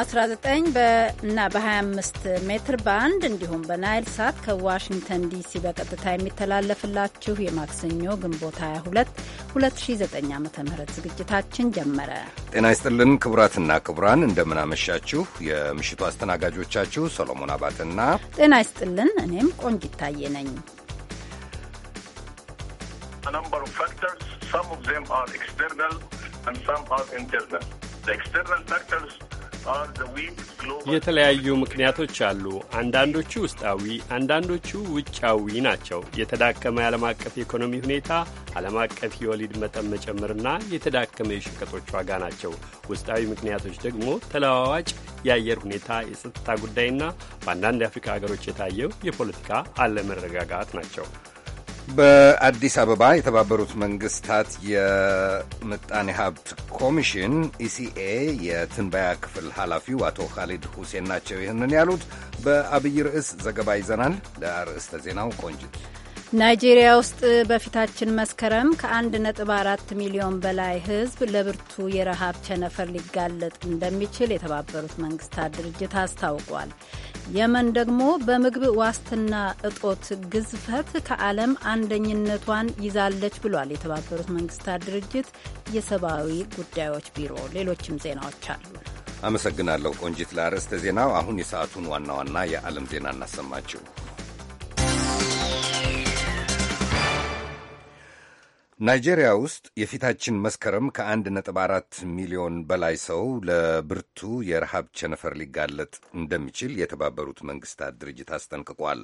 19 እና በ25 ሜትር ባንድ እንዲሁም በናይል ሳት ከዋሽንግተን ዲሲ በቀጥታ የሚተላለፍላችሁ የማክሰኞ ግንቦት 22 2009 ዓ ም ዝግጅታችን ጀመረ። ጤና ይስጥልን ክቡራትና ክቡራን፣ እንደምናመሻችሁ። የምሽቱ አስተናጋጆቻችሁ ሰሎሞን አባትና ጤና ይስጥልን፣ እኔም ቆንጅ ይታየ ነኝ። Some የተለያዩ ምክንያቶች አሉ። አንዳንዶቹ ውስጣዊ፣ አንዳንዶቹ ውጫዊ ናቸው። የተዳከመ የዓለም አቀፍ የኢኮኖሚ ሁኔታ፣ ዓለም አቀፍ የወሊድ መጠን መጨመርና የተዳከመ የሸቀጦች ዋጋ ናቸው። ውስጣዊ ምክንያቶች ደግሞ ተለዋዋጭ የአየር ሁኔታ፣ የጸጥታ ጉዳይና በአንዳንድ የአፍሪካ ሀገሮች የታየው የፖለቲካ አለመረጋጋት ናቸው። በአዲስ አበባ የተባበሩት መንግስታት የምጣኔ ሀብት ኮሚሽን ኢሲኤ የትንበያ ክፍል ኃላፊው አቶ ካሊድ ሁሴን ናቸው ይህንን ያሉት። በአብይ ርዕስ ዘገባ ይዘናል። ለአርዕስተ ዜናው ቆንጅት። ናይጄሪያ ውስጥ በፊታችን መስከረም ከ1.4 ሚሊዮን በላይ ሕዝብ ለብርቱ የረሃብ ቸነፈር ሊጋለጥ እንደሚችል የተባበሩት መንግስታት ድርጅት አስታውቋል። የመን ደግሞ በምግብ ዋስትና እጦት ግዝፈት ከዓለም አንደኝነቷን ይዛለች ብሏል የተባበሩት መንግስታት ድርጅት የሰብአዊ ጉዳዮች ቢሮ። ሌሎችም ዜናዎች አሉ። አመሰግናለሁ ቆንጂት ለአርዕስተ ዜናው። አሁን የሰዓቱን ዋና ዋና የዓለም ዜና እናሰማችሁ። ናይጄሪያ ውስጥ የፊታችን መስከረም ከአንድ ነጥብ አራት ሚሊዮን በላይ ሰው ለብርቱ የረሃብ ቸነፈር ሊጋለጥ እንደሚችል የተባበሩት መንግስታት ድርጅት አስጠንቅቋል።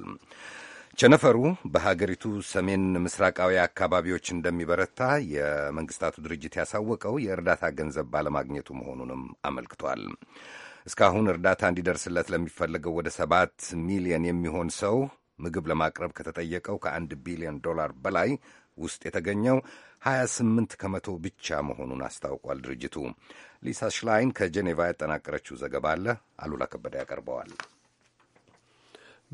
ቸነፈሩ በሀገሪቱ ሰሜን ምስራቃዊ አካባቢዎች እንደሚበረታ የመንግስታቱ ድርጅት ያሳወቀው የእርዳታ ገንዘብ ባለማግኘቱ መሆኑንም አመልክቷል። እስካሁን እርዳታ እንዲደርስለት ለሚፈለገው ወደ ሰባት ሚሊየን የሚሆን ሰው ምግብ ለማቅረብ ከተጠየቀው ከአንድ ቢሊዮን ዶላር በላይ ውስጥ የተገኘው 28 ከመቶ ብቻ መሆኑን አስታውቋል ድርጅቱ። ሊሳ ሽላይን ከጄኔቫ ያጠናቀረችው ዘገባ አለ አሉላ ከበደ ያቀርበዋል።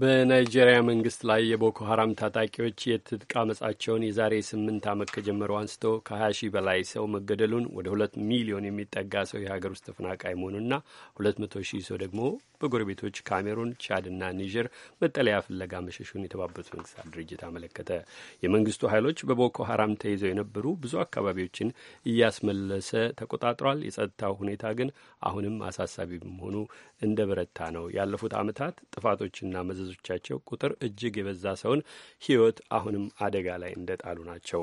በናይጄሪያ መንግስት ላይ የቦኮ ሀራም ታጣቂዎች የትጥቅ አመጻቸውን የዛሬ ስምንት ዓመት ከጀመሩ አንስቶ ከ20 ሺህ በላይ ሰው መገደሉን ወደ ሁለት ሚሊዮን የሚጠጋ ሰው የሀገር ውስጥ ተፈናቃይ መሆኑና ሁለት መቶ ሺህ ሰው ደግሞ በጎረቤቶች ካሜሩን፣ ቻድና ኒጀር መጠለያ ፍለጋ መሸሹን የተባበሩት መንግስታት ድርጅት አመለከተ። የመንግስቱ ኃይሎች በቦኮ ሀራም ተይዘው የነበሩ ብዙ አካባቢዎችን እያስመለሰ ተቆጣጥሯል። የጸጥታው ሁኔታ ግን አሁንም አሳሳቢ መሆኑ እንደ በረታ ነው። ያለፉት አመታት ጥፋቶችና መዘ መደንዘዞቻቸው ቁጥር እጅግ የበዛ ሰውን ሕይወት አሁንም አደጋ ላይ እንደጣሉ ናቸው።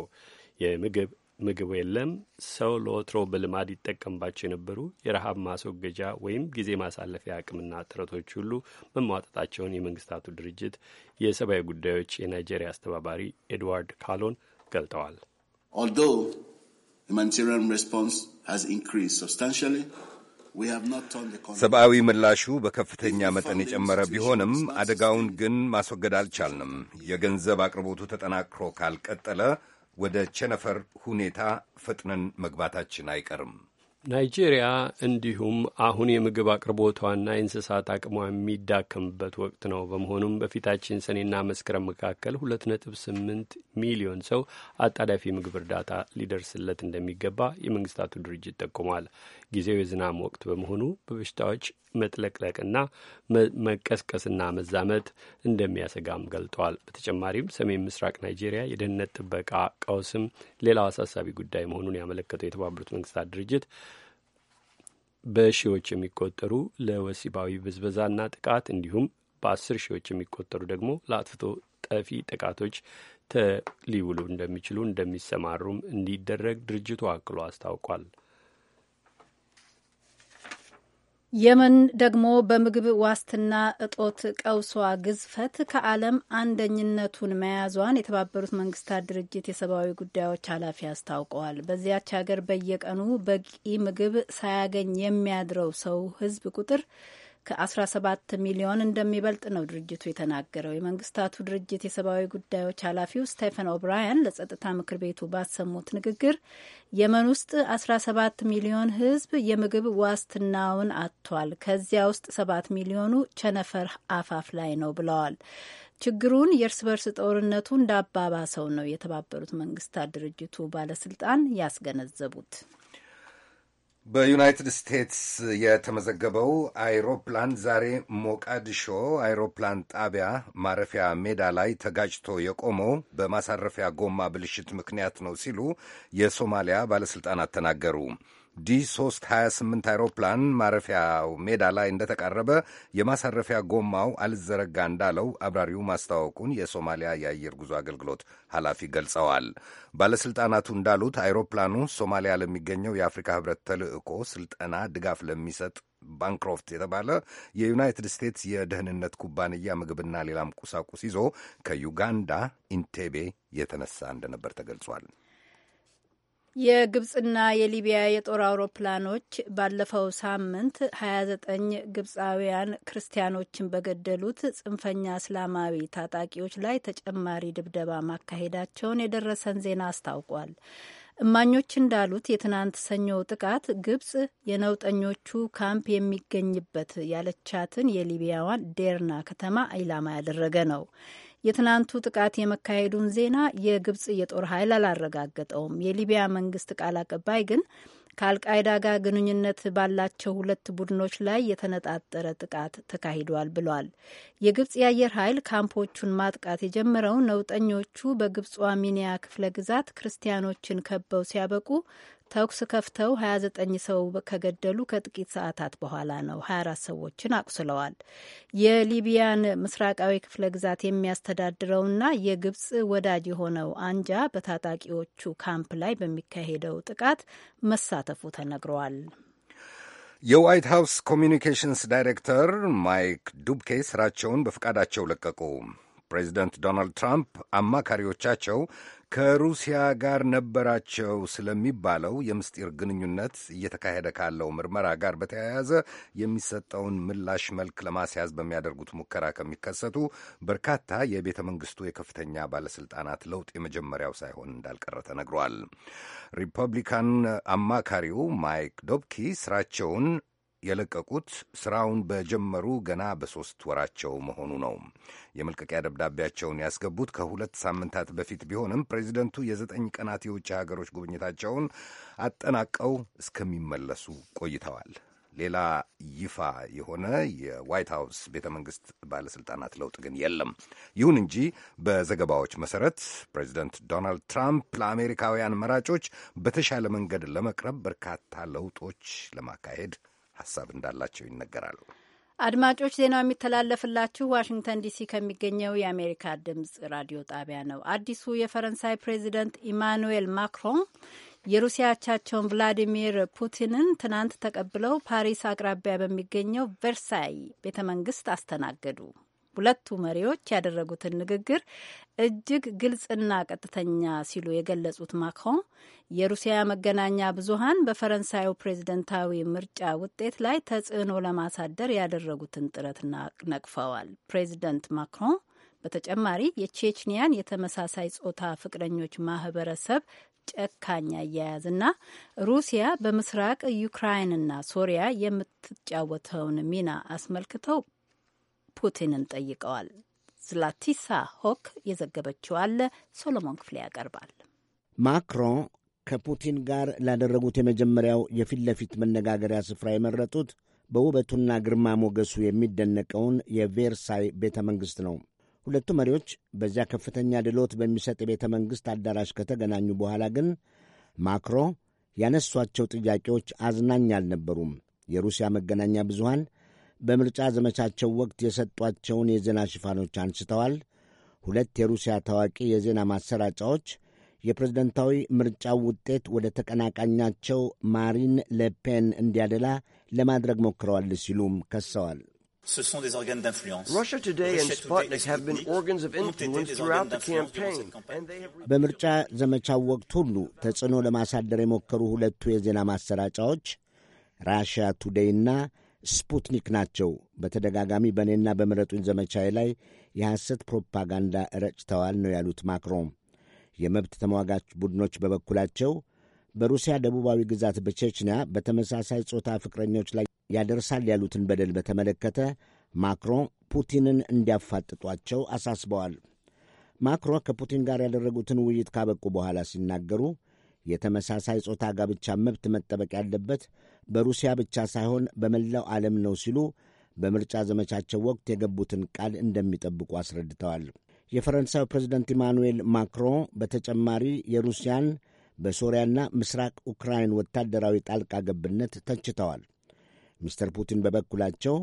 የምግብ ምግብ የለም። ሰው ለወትሮ በልማድ ይጠቀምባቸው የነበሩ የረሃብ ማስወገጃ ወይም ጊዜ ማሳለፊያ አቅምና ጥረቶች ሁሉ መሟጠጣቸውን የመንግስታቱ ድርጅት የሰብአዊ ጉዳዮች የናይጄሪያ አስተባባሪ ኤድዋርድ ካሎን ገልጠዋል። ሰብአዊ ምላሹ በከፍተኛ መጠን የጨመረ ቢሆንም አደጋውን ግን ማስወገድ አልቻልንም። የገንዘብ አቅርቦቱ ተጠናክሮ ካልቀጠለ ወደ ቸነፈር ሁኔታ ፈጥነን መግባታችን አይቀርም። ናይጄሪያ እንዲሁም አሁን የምግብ አቅርቦቷና የእንስሳት አቅሟ የሚዳከምበት ወቅት ነው። በመሆኑም በፊታችን ሰኔና መስከረም መካከል ሁለት ነጥብ ስምንት ሚሊዮን ሰው አጣዳፊ ምግብ እርዳታ ሊደርስለት እንደሚገባ የመንግስታቱ ድርጅት ጠቁሟል። ጊዜው የዝናም ወቅት በመሆኑ በበሽታዎች መጥለቅለቅና መቀስቀስና መዛመት እንደሚያሰጋም ገልጠዋል። በተጨማሪም ሰሜን ምስራቅ ናይጄሪያ የደህንነት ጥበቃ ቀውስም ሌላው አሳሳቢ ጉዳይ መሆኑን ያመለከተው የተባበሩት መንግስታት ድርጅት በሺዎች የሚቆጠሩ ለወሲባዊ ብዝበዛና ጥቃት እንዲሁም በአስር ሺዎች የሚቆጠሩ ደግሞ ለአጥፍቶ ጠፊ ጥቃቶች ሊውሉ እንደሚችሉ እንደሚሰማሩም እንዲደረግ ድርጅቱ አክሎ አስታውቋል። የመን ደግሞ በምግብ ዋስትና እጦት ቀውሷ ግዝፈት ከዓለም አንደኝነቱን መያዟን የተባበሩት መንግስታት ድርጅት የሰብአዊ ጉዳዮች ኃላፊ አስታውቀዋል። በዚያች ሀገር በየቀኑ በቂ ምግብ ሳያገኝ የሚያድረው ሰው ህዝብ ቁጥር ከ17 ሚሊዮን እንደሚበልጥ ነው ድርጅቱ የተናገረው። የመንግስታቱ ድርጅት የሰብአዊ ጉዳዮች ኃላፊው ስቴፈን ኦብራያን ለጸጥታ ምክር ቤቱ ባሰሙት ንግግር የመን ውስጥ 17 ሚሊዮን ህዝብ የምግብ ዋስትናውን አጥቷል፣ ከዚያ ውስጥ 7 ሚሊዮኑ ቸነፈር አፋፍ ላይ ነው ብለዋል። ችግሩን የእርስ በርስ ጦርነቱ እንዳባባሰው ነው የተባበሩት መንግስታት ድርጅቱ ባለስልጣን ያስገነዘቡት። በዩናይትድ ስቴትስ የተመዘገበው አይሮፕላን ዛሬ ሞቃዲሾ አይሮፕላን ጣቢያ ማረፊያ ሜዳ ላይ ተጋጭቶ የቆመው በማሳረፊያ ጎማ ብልሽት ምክንያት ነው ሲሉ የሶማሊያ ባለሥልጣናት ተናገሩ። ዲ328 አይሮፕላን ማረፊያው ሜዳ ላይ እንደተቃረበ የማሳረፊያ ጎማው አልዘረጋ እንዳለው አብራሪው ማስታወቁን የሶማሊያ የአየር ጉዞ አገልግሎት ኃላፊ ገልጸዋል። ባለሥልጣናቱ እንዳሉት አይሮፕላኑ ሶማሊያ ለሚገኘው የአፍሪካ ሕብረት ተልዕኮ ስልጠና ድጋፍ ለሚሰጥ ባንክሮፍት የተባለ የዩናይትድ ስቴትስ የደህንነት ኩባንያ ምግብና ሌላም ቁሳቁስ ይዞ ከዩጋንዳ ኢንቴቤ የተነሳ እንደነበር ተገልጿል። የግብጽና የሊቢያ የጦር አውሮፕላኖች ባለፈው ሳምንት 29 ግብፃውያን ክርስቲያኖችን በገደሉት ጽንፈኛ እስላማዊ ታጣቂዎች ላይ ተጨማሪ ድብደባ ማካሄዳቸውን የደረሰን ዜና አስታውቋል። እማኞች እንዳሉት የትናንት ሰኞ ጥቃት ግብጽ የነውጠኞቹ ካምፕ የሚገኝበት ያለቻትን የሊቢያዋን ዴርና ከተማ ኢላማ ያደረገ ነው። የትናንቱ ጥቃት የመካሄዱን ዜና የግብጽ የጦር ኃይል አላረጋገጠውም። የሊቢያ መንግስት ቃል አቀባይ ግን ከአልቃይዳ ጋር ግንኙነት ባላቸው ሁለት ቡድኖች ላይ የተነጣጠረ ጥቃት ተካሂዷል ብሏል። የግብጽ የአየር ኃይል ካምፖቹን ማጥቃት የጀመረው ነውጠኞቹ በግብጿ ሚኒያ ክፍለ ግዛት ክርስቲያኖችን ከበው ሲያበቁ ተኩስ ከፍተው 29 ሰው ከገደሉ ከጥቂት ሰዓታት በኋላ ነው። 24 ሰዎችን አቁስለዋል። የሊቢያን ምስራቃዊ ክፍለ ግዛት የሚያስተዳድረውና የግብጽ ወዳጅ የሆነው አንጃ በታጣቂዎቹ ካምፕ ላይ በሚካሄደው ጥቃት መሳተፉ ተነግረዋል። የዋይት ሃውስ ኮሚኒኬሽንስ ዳይሬክተር ማይክ ዱብኬ ስራቸውን በፈቃዳቸው ለቀቁ። ፕሬዚደንት ዶናልድ ትራምፕ አማካሪዎቻቸው ከሩሲያ ጋር ነበራቸው ስለሚባለው የምስጢር ግንኙነት እየተካሄደ ካለው ምርመራ ጋር በተያያዘ የሚሰጠውን ምላሽ መልክ ለማስያዝ በሚያደርጉት ሙከራ ከሚከሰቱ በርካታ የቤተ መንግስቱ የከፍተኛ ባለስልጣናት ለውጥ የመጀመሪያው ሳይሆን እንዳልቀረ ተነግሯል። ሪፐብሊካን አማካሪው ማይክ ዶብኪ ስራቸውን የለቀቁት ስራውን በጀመሩ ገና በሦስት ወራቸው መሆኑ ነው። የመልቀቂያ ደብዳቤያቸውን ያስገቡት ከሁለት ሳምንታት በፊት ቢሆንም ፕሬዚደንቱ የዘጠኝ ቀናት የውጭ ሀገሮች ጉብኝታቸውን አጠናቀው እስከሚመለሱ ቆይተዋል። ሌላ ይፋ የሆነ የዋይት ሀውስ ቤተ መንግስት ባለስልጣናት ለውጥ ግን የለም። ይሁን እንጂ በዘገባዎች መሰረት ፕሬዚደንት ዶናልድ ትራምፕ ለአሜሪካውያን መራጮች በተሻለ መንገድ ለመቅረብ በርካታ ለውጦች ለማካሄድ ሀሳብ እንዳላቸው ይነገራል። አድማጮች ዜናው የሚተላለፍላችሁ ዋሽንግተን ዲሲ ከሚገኘው የአሜሪካ ድምጽ ራዲዮ ጣቢያ ነው። አዲሱ የፈረንሳይ ፕሬዚደንት ኢማኑኤል ማክሮን የሩሲያ አቻቸውን ቭላዲሚር ፑቲንን ትናንት ተቀብለው ፓሪስ አቅራቢያ በሚገኘው ቨርሳይ ቤተ መንግስት አስተናገዱ። ሁለቱ መሪዎች ያደረጉትን ንግግር እጅግ ግልጽና ቀጥተኛ ሲሉ የገለጹት ማክሮን የሩሲያ መገናኛ ብዙሃን በፈረንሳዩ ፕሬዝደንታዊ ምርጫ ውጤት ላይ ተጽዕኖ ለማሳደር ያደረጉትን ጥረት ነቅፈዋል። ፕሬዝደንት ማክሮን በተጨማሪ የቼችኒያን የተመሳሳይ ጾታ ፍቅረኞች ማህበረሰብ ጨካኝ አያያዝና ሩሲያ በምስራቅ ዩክራይንና ሶሪያ የምትጫወተውን ሚና አስመልክተው ፑቲንን ጠይቀዋል። ዝላቲሳ ሆክ የዘገበችው አለ። ሶሎሞን ክፍሌ ያቀርባል። ማክሮን ከፑቲን ጋር ላደረጉት የመጀመሪያው የፊት ለፊት መነጋገሪያ ስፍራ የመረጡት በውበቱና ግርማ ሞገሱ የሚደነቀውን የቬርሳይ ቤተ መንግሥት ነው። ሁለቱ መሪዎች በዚያ ከፍተኛ ድሎት በሚሰጥ የቤተ መንግሥት አዳራሽ ከተገናኙ በኋላ ግን ማክሮ ያነሷቸው ጥያቄዎች አዝናኝ አልነበሩም። የሩሲያ መገናኛ ብዙሃን በምርጫ ዘመቻቸው ወቅት የሰጧቸውን የዜና ሽፋኖች አንስተዋል። ሁለት የሩሲያ ታዋቂ የዜና ማሰራጫዎች የፕሬዝደንታዊ ምርጫው ውጤት ወደ ተቀናቃኛቸው ማሪን ለፔን እንዲያደላ ለማድረግ ሞክረዋል ሲሉም ከሰዋል። በምርጫ ዘመቻው ወቅት ሁሉ ተጽዕኖ ለማሳደር የሞከሩ ሁለቱ የዜና ማሰራጫዎች ራሽያ ቱዴይና ስፑትኒክ ናቸው። በተደጋጋሚ በእኔና በምረጡኝ ዘመቻዬ ላይ የሐሰት ፕሮፓጋንዳ ረጭተዋል ነው ያሉት ማክሮን። የመብት ተሟጋች ቡድኖች በበኩላቸው በሩሲያ ደቡባዊ ግዛት በቼችንያ በተመሳሳይ ጾታ ፍቅረኞች ላይ ያደርሳል ያሉትን በደል በተመለከተ ማክሮን ፑቲንን እንዲያፋጥጧቸው አሳስበዋል። ማክሮን ከፑቲን ጋር ያደረጉትን ውይይት ካበቁ በኋላ ሲናገሩ የተመሳሳይ ጾታ ጋብቻ መብት መጠበቅ ያለበት በሩሲያ ብቻ ሳይሆን በመላው ዓለም ነው ሲሉ በምርጫ ዘመቻቸው ወቅት የገቡትን ቃል እንደሚጠብቁ አስረድተዋል። የፈረንሳዩ ፕሬዚደንት ኢማኑኤል ማክሮን በተጨማሪ የሩሲያን በሶሪያና ምስራቅ ኡክራይን ወታደራዊ ጣልቃ ገብነት ተችተዋል። ሚስተር ፑቲን በበኩላቸው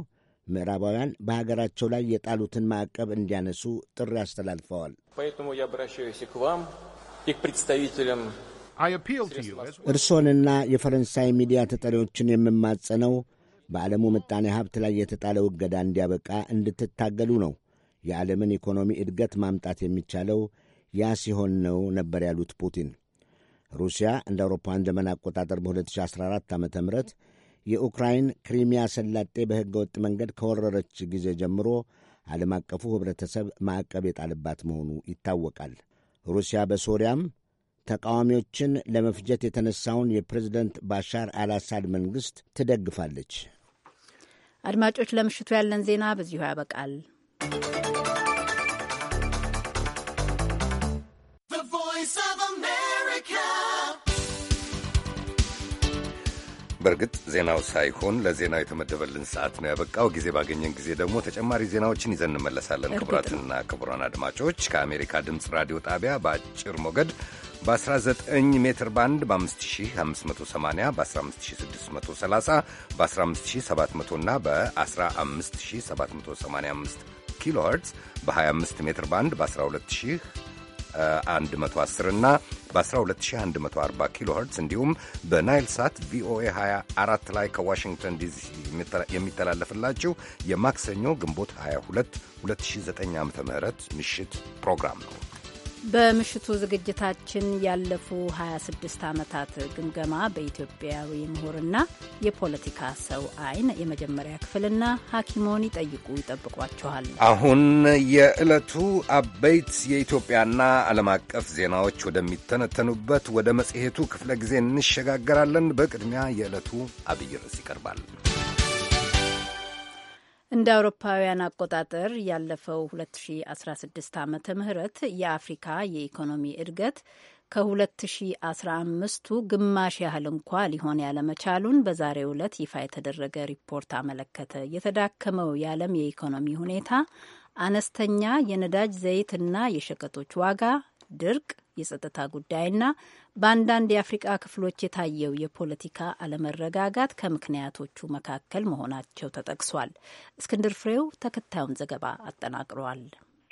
ምዕራባውያን በሀገራቸው ላይ የጣሉትን ማዕቀብ እንዲያነሱ ጥሪ አስተላልፈዋል። እርሶንና የፈረንሳይ ሚዲያ ተጠሪዎችን የምማጸነው በዓለሙ ምጣኔ ሀብት ላይ የተጣለው እገዳ እንዲያበቃ እንድትታገሉ ነው። የዓለምን ኢኮኖሚ እድገት ማምጣት የሚቻለው ያ ሲሆን ነው ነበር ያሉት ፑቲን። ሩሲያ እንደ አውሮፓውያን ዘመን አቆጣጠር በ2014 ዓ ም የኡክራይን ክሪሚያ ሰላጤ በሕገ ወጥ መንገድ ከወረረች ጊዜ ጀምሮ ዓለም አቀፉ ኅብረተሰብ ማዕቀብ የጣለባት መሆኑ ይታወቃል። ሩሲያ በሶሪያም ተቃዋሚዎችን ለመፍጀት የተነሳውን የፕሬዝደንት ባሻር አልአሳድ መንግስት ትደግፋለች። አድማጮች፣ ለምሽቱ ያለን ዜና በዚሁ ያበቃል። በእርግጥ ዜናው ሳይሆን ለዜናው የተመደበልን ሰዓት ነው ያበቃው። ጊዜ ባገኘን ጊዜ ደግሞ ተጨማሪ ዜናዎችን ይዘን እንመለሳለን። ክቡራትና ክቡራን አድማጮች ከአሜሪካ ድምፅ ራዲዮ ጣቢያ በአጭር ሞገድ በ19 ሜትር ባንድ በ5580 በ15630 በ15700 እና በ15785 ኪሎ በ25 ሜትር ባንድ በ12 110 እና በ12140 ኪሎ ኸርትዝ እንዲሁም በናይል ሳት ቪኦኤ 24 ላይ ከዋሽንግተን ዲሲ የሚተላለፍላችሁ የማክሰኞ ግንቦት 22 2009 ዓ ም ምሽት ፕሮግራም ነው። በምሽቱ ዝግጅታችን ያለፉ 26 ዓመታት ግምገማ በኢትዮጵያዊ ምሁርና የፖለቲካ ሰው አይን የመጀመሪያ ክፍልና ሐኪሞን ይጠይቁ ይጠብቋችኋል። አሁን የዕለቱ አበይት የኢትዮጵያና ዓለም አቀፍ ዜናዎች ወደሚተነተኑበት ወደ መጽሔቱ ክፍለ ጊዜ እንሸጋገራለን። በቅድሚያ የዕለቱ አብይ ርዕስ ይቀርባል። እንደ አውሮፓውያን አቆጣጠር ያለፈው 2016 ዓመተ ምህረት የአፍሪካ የኢኮኖሚ እድገት ከ2015ቱ ግማሽ ያህል እንኳ ሊሆን ያለመቻሉን በዛሬው ዕለት ይፋ የተደረገ ሪፖርት አመለከተ። የተዳከመው የዓለም የኢኮኖሚ ሁኔታ፣ አነስተኛ የነዳጅ ዘይትና የሸቀጦች ዋጋ፣ ድርቅ፣ የጸጥታ ጉዳይና በአንዳንድ የአፍሪቃ ክፍሎች የታየው የፖለቲካ አለመረጋጋት ከምክንያቶቹ መካከል መሆናቸው ተጠቅሷል። እስክንድር ፍሬው ተከታዩን ዘገባ አጠናቅሯል።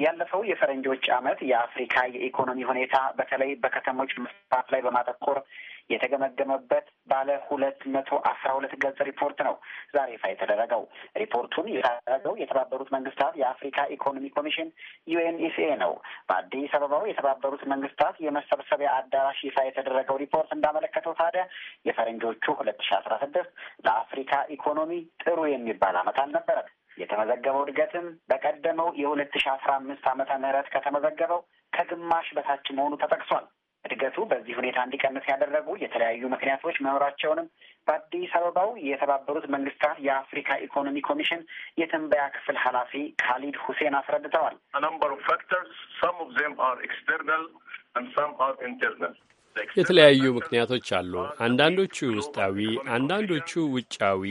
ያለፈው የፈረንጆች ዓመት የአፍሪካ የኢኮኖሚ ሁኔታ በተለይ በከተሞች መስፋት ላይ በማተኮር የተገመገመበት ባለ ሁለት መቶ አስራ ሁለት ገጽ ሪፖርት ነው ዛሬ ይፋ የተደረገው። ሪፖርቱን ያደረገው የተባበሩት መንግስታት የአፍሪካ ኢኮኖሚ ኮሚሽን ዩኤንኢሲኤ ነው። በአዲስ አበባው የተባበሩት መንግስታት የመሰብሰቢያ አዳራሽ ይፋ የተደረገው ሪፖርት እንዳመለከተው ታዲያ የፈረንጆቹ ሁለት ሺ አስራ ስድስት ለአፍሪካ ኢኮኖሚ ጥሩ የሚባል ዓመት አልነበረም። የተመዘገበው እድገትም በቀደመው የሁለት ሺ አስራ አምስት አመተ ምህረት ከተመዘገበው ከግማሽ በታች መሆኑ ተጠቅሷል። እድገቱ በዚህ ሁኔታ እንዲቀንስ ያደረጉ የተለያዩ ምክንያቶች መኖራቸውንም በአዲስ አበባው የተባበሩት መንግስታት የአፍሪካ ኢኮኖሚ ኮሚሽን የትንበያ ክፍል ኃላፊ ካሊድ ሁሴን አስረድተዋል። የተለያዩ ምክንያቶች አሉ። አንዳንዶቹ ውስጣዊ፣ አንዳንዶቹ ውጫዊ፣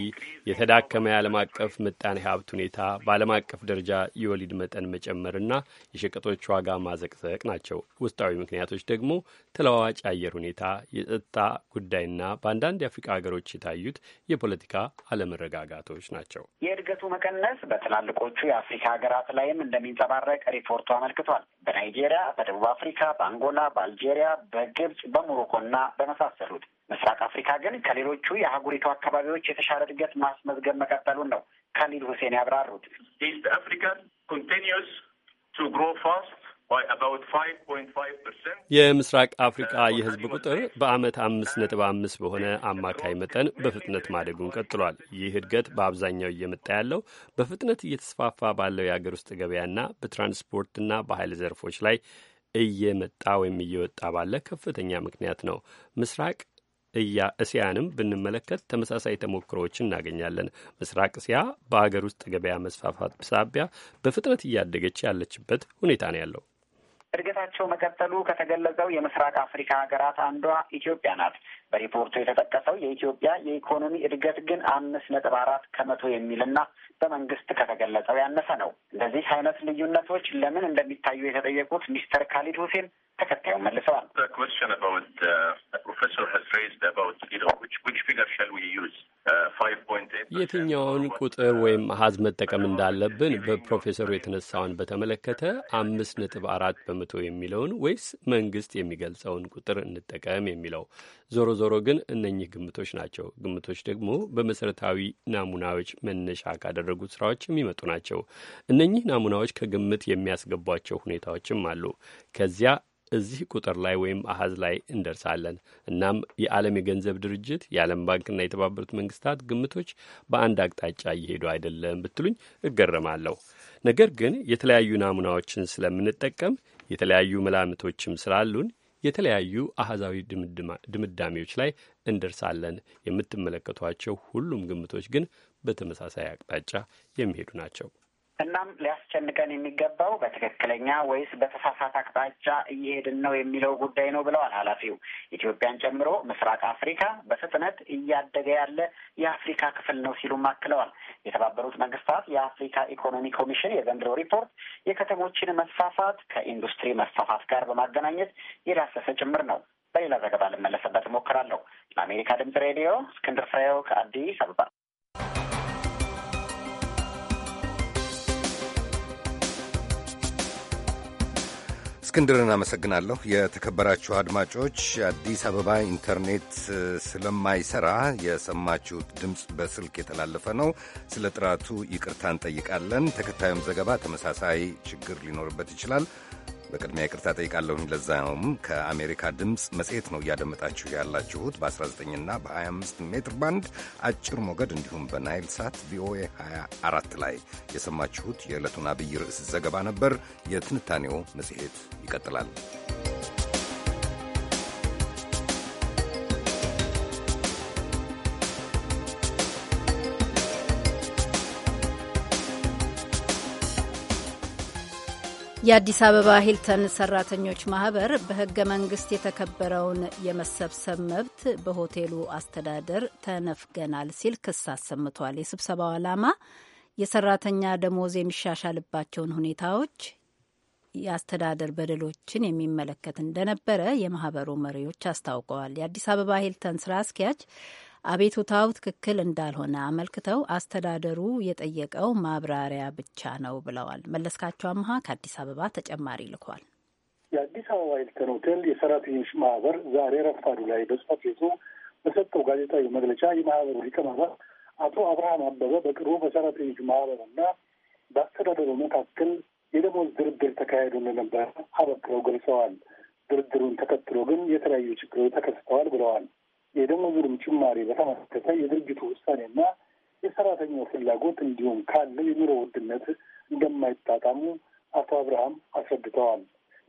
የተዳከመ የዓለም አቀፍ ምጣኔ ሀብት ሁኔታ፣ በዓለም አቀፍ ደረጃ የወሊድ መጠን መጨመርና የሸቀጦች ዋጋ ማዘቅዘቅ ናቸው። ውስጣዊ ምክንያቶች ደግሞ ተለዋዋጭ አየር ሁኔታ፣ የጸጥታ ጉዳይና በአንዳንድ የአፍሪካ ሀገሮች የታዩት የፖለቲካ አለመረጋጋቶች ናቸው። የእድገቱ መቀነስ በትላልቆቹ የአፍሪካ ሀገራት ላይም እንደሚንጸባረቅ ሪፖርቱ አመልክቷል። በናይጄሪያ፣ በደቡብ አፍሪካ፣ በአንጎላ፣ በአልጄሪያ፣ በግብጽ በሞሮኮና በመሳሰሉት። ምስራቅ አፍሪካ ግን ከሌሎቹ የአህጉሪቱ አካባቢዎች የተሻለ እድገት ማስመዝገብ መቀጠሉን ነው ከሊል ሁሴን ያብራሩት። ኢስት አፍሪካ ቱ ግሮ ፋስት የምስራቅ አፍሪቃ የህዝብ ቁጥር በአመት አምስት ነጥብ አምስት በሆነ አማካይ መጠን በፍጥነት ማደጉን ቀጥሏል። ይህ እድገት በአብዛኛው እየመጣ ያለው በፍጥነት እየተስፋፋ ባለው የአገር ውስጥ ገበያና በትራንስፖርትና በኃይል ዘርፎች ላይ እየመጣ ወይም እየወጣ ባለ ከፍተኛ ምክንያት ነው። ምስራቅ እስያንም ብንመለከት ተመሳሳይ ተሞክሮዎችን እናገኛለን። ምስራቅ እስያ በሀገር ውስጥ ገበያ መስፋፋት ሳቢያ በፍጥነት እያደገች ያለችበት ሁኔታ ነው ያለው። እድገታቸው መቀጠሉ ከተገለጸው የምስራቅ አፍሪካ ሀገራት አንዷ ኢትዮጵያ ናት። በሪፖርቱ የተጠቀሰው የኢትዮጵያ የኢኮኖሚ እድገት ግን አምስት ነጥብ አራት ከመቶ የሚልና በመንግስት ከተገለጸው ያነሰ ነው። እንደዚህ አይነት ልዩነቶች ለምን እንደሚታዩ የተጠየቁት ሚስተር ካሊድ ሁሴን ተከታዩን መልሰዋል። የትኛውን ቁጥር ወይም አሀዝ መጠቀም እንዳለብን በፕሮፌሰሩ የተነሳውን በተመለከተ አምስት ነጥብ አራት በመቶ የሚለውን ወይስ መንግስት የሚገልጸውን ቁጥር እንጠቀም የሚለው? ዞሮ ዞሮ ግን እነኚህ ግምቶች ናቸው። ግምቶች ደግሞ በመሰረታዊ ናሙናዎች መነሻ ካደረጉት ስራዎች የሚመጡ ናቸው። እነኚህ ናሙናዎች ከግምት የሚያስገቧቸው ሁኔታዎችም አሉ። ከዚያ እዚህ ቁጥር ላይ ወይም አሀዝ ላይ እንደርሳለን። እናም የዓለም የገንዘብ ድርጅት የዓለም ባንክና የተባበሩት መንግስታት ግምቶች በአንድ አቅጣጫ እየሄዱ አይደለም ብትሉኝ እገረማለሁ። ነገር ግን የተለያዩ ናሙናዎችን ስለምንጠቀም የተለያዩ መላምቶችም ስላሉን የተለያዩ አሀዛዊ ድምዳሜዎች ላይ እንደርሳለን። የምትመለከቷቸው ሁሉም ግምቶች ግን በተመሳሳይ አቅጣጫ የሚሄዱ ናቸው። እናም ሊያስጨንቀን የሚገባው በትክክለኛ ወይስ በተሳሳተ አቅጣጫ እየሄድን ነው የሚለው ጉዳይ ነው ብለዋል ኃላፊው። ኢትዮጵያን ጨምሮ ምስራቅ አፍሪካ በፍጥነት እያደገ ያለ የአፍሪካ ክፍል ነው ሲሉም አክለዋል። የተባበሩት መንግስታት የአፍሪካ ኢኮኖሚ ኮሚሽን የዘንድሮ ሪፖርት የከተሞችን መስፋፋት ከኢንዱስትሪ መስፋፋት ጋር በማገናኘት የዳሰሰ ጭምር ነው። በሌላ ዘገባ ልመለስበት እሞክራለሁ። ለአሜሪካ ድምፅ ሬዲዮ እስክንድር ፍሬው ከአዲስ አበባ እስክንድርን አመሰግናለሁ። የተከበራችሁ አድማጮች፣ አዲስ አበባ ኢንተርኔት ስለማይሰራ የሰማችሁት ድምፅ በስልክ የተላለፈ ነው። ስለ ጥራቱ ይቅርታ እንጠይቃለን። ተከታዩም ዘገባ ተመሳሳይ ችግር ሊኖርበት ይችላል። በቅድሚያ ይቅርታ ጠይቃለሁኝ። ለዛውም ከአሜሪካ ድምፅ መጽሔት ነው እያደመጣችሁ ያላችሁት በ19ና በ25 ሜትር ባንድ አጭር ሞገድ እንዲሁም በናይል ሳት ቪኦኤ 24 ላይ የሰማችሁት የዕለቱን አብይ ርዕስ ዘገባ ነበር። የትንታኔው መጽሔት ይቀጥላል። የአዲስ አበባ ሂልተን ሰራተኞች ማህበር በህገ መንግስት የተከበረውን የመሰብሰብ መብት በሆቴሉ አስተዳደር ተነፍገናል ሲል ክስ አሰምቷል። የስብሰባው ዓላማ የሰራተኛ ደሞዝ የሚሻሻልባቸውን ሁኔታዎች፣ የአስተዳደር በደሎችን የሚመለከት እንደነበረ የማህበሩ መሪዎች አስታውቀዋል። የአዲስ አበባ ሂልተን ስራ አስኪያጅ አቤቱታው ትክክል እንዳልሆነ አመልክተው አስተዳደሩ የጠየቀው ማብራሪያ ብቻ ነው ብለዋል። መለስካቸው አምሃ ከአዲስ አበባ ተጨማሪ ልኳል። የአዲስ አበባ ሂልተን ሆቴል የሰራተኞች ማህበር ዛሬ ረፋዱ ላይ በጽሕፈት ቤቱ በሰጠው ጋዜጣዊ መግለጫ የማህበሩ ሊቀመንበር አቶ አብርሃም አበበ በቅርቡ በሰራተኞች ማህበርና በአስተዳደሩ መካከል የደሞዝ ድርድር ተካሄዱ እንደነበረ አበክረው ገልጸዋል። ድርድሩን ተከትሎ ግን የተለያዩ ችግሮች ተከስተዋል ብለዋል። የደሞዙንም ጭማሪ በተመለከተ የድርጅቱ ውሳኔና የሰራተኛው ፍላጎት እንዲሁም ካለ የኑሮ ውድነት እንደማይጣጣሙ አቶ አብርሃም አስረድተዋል።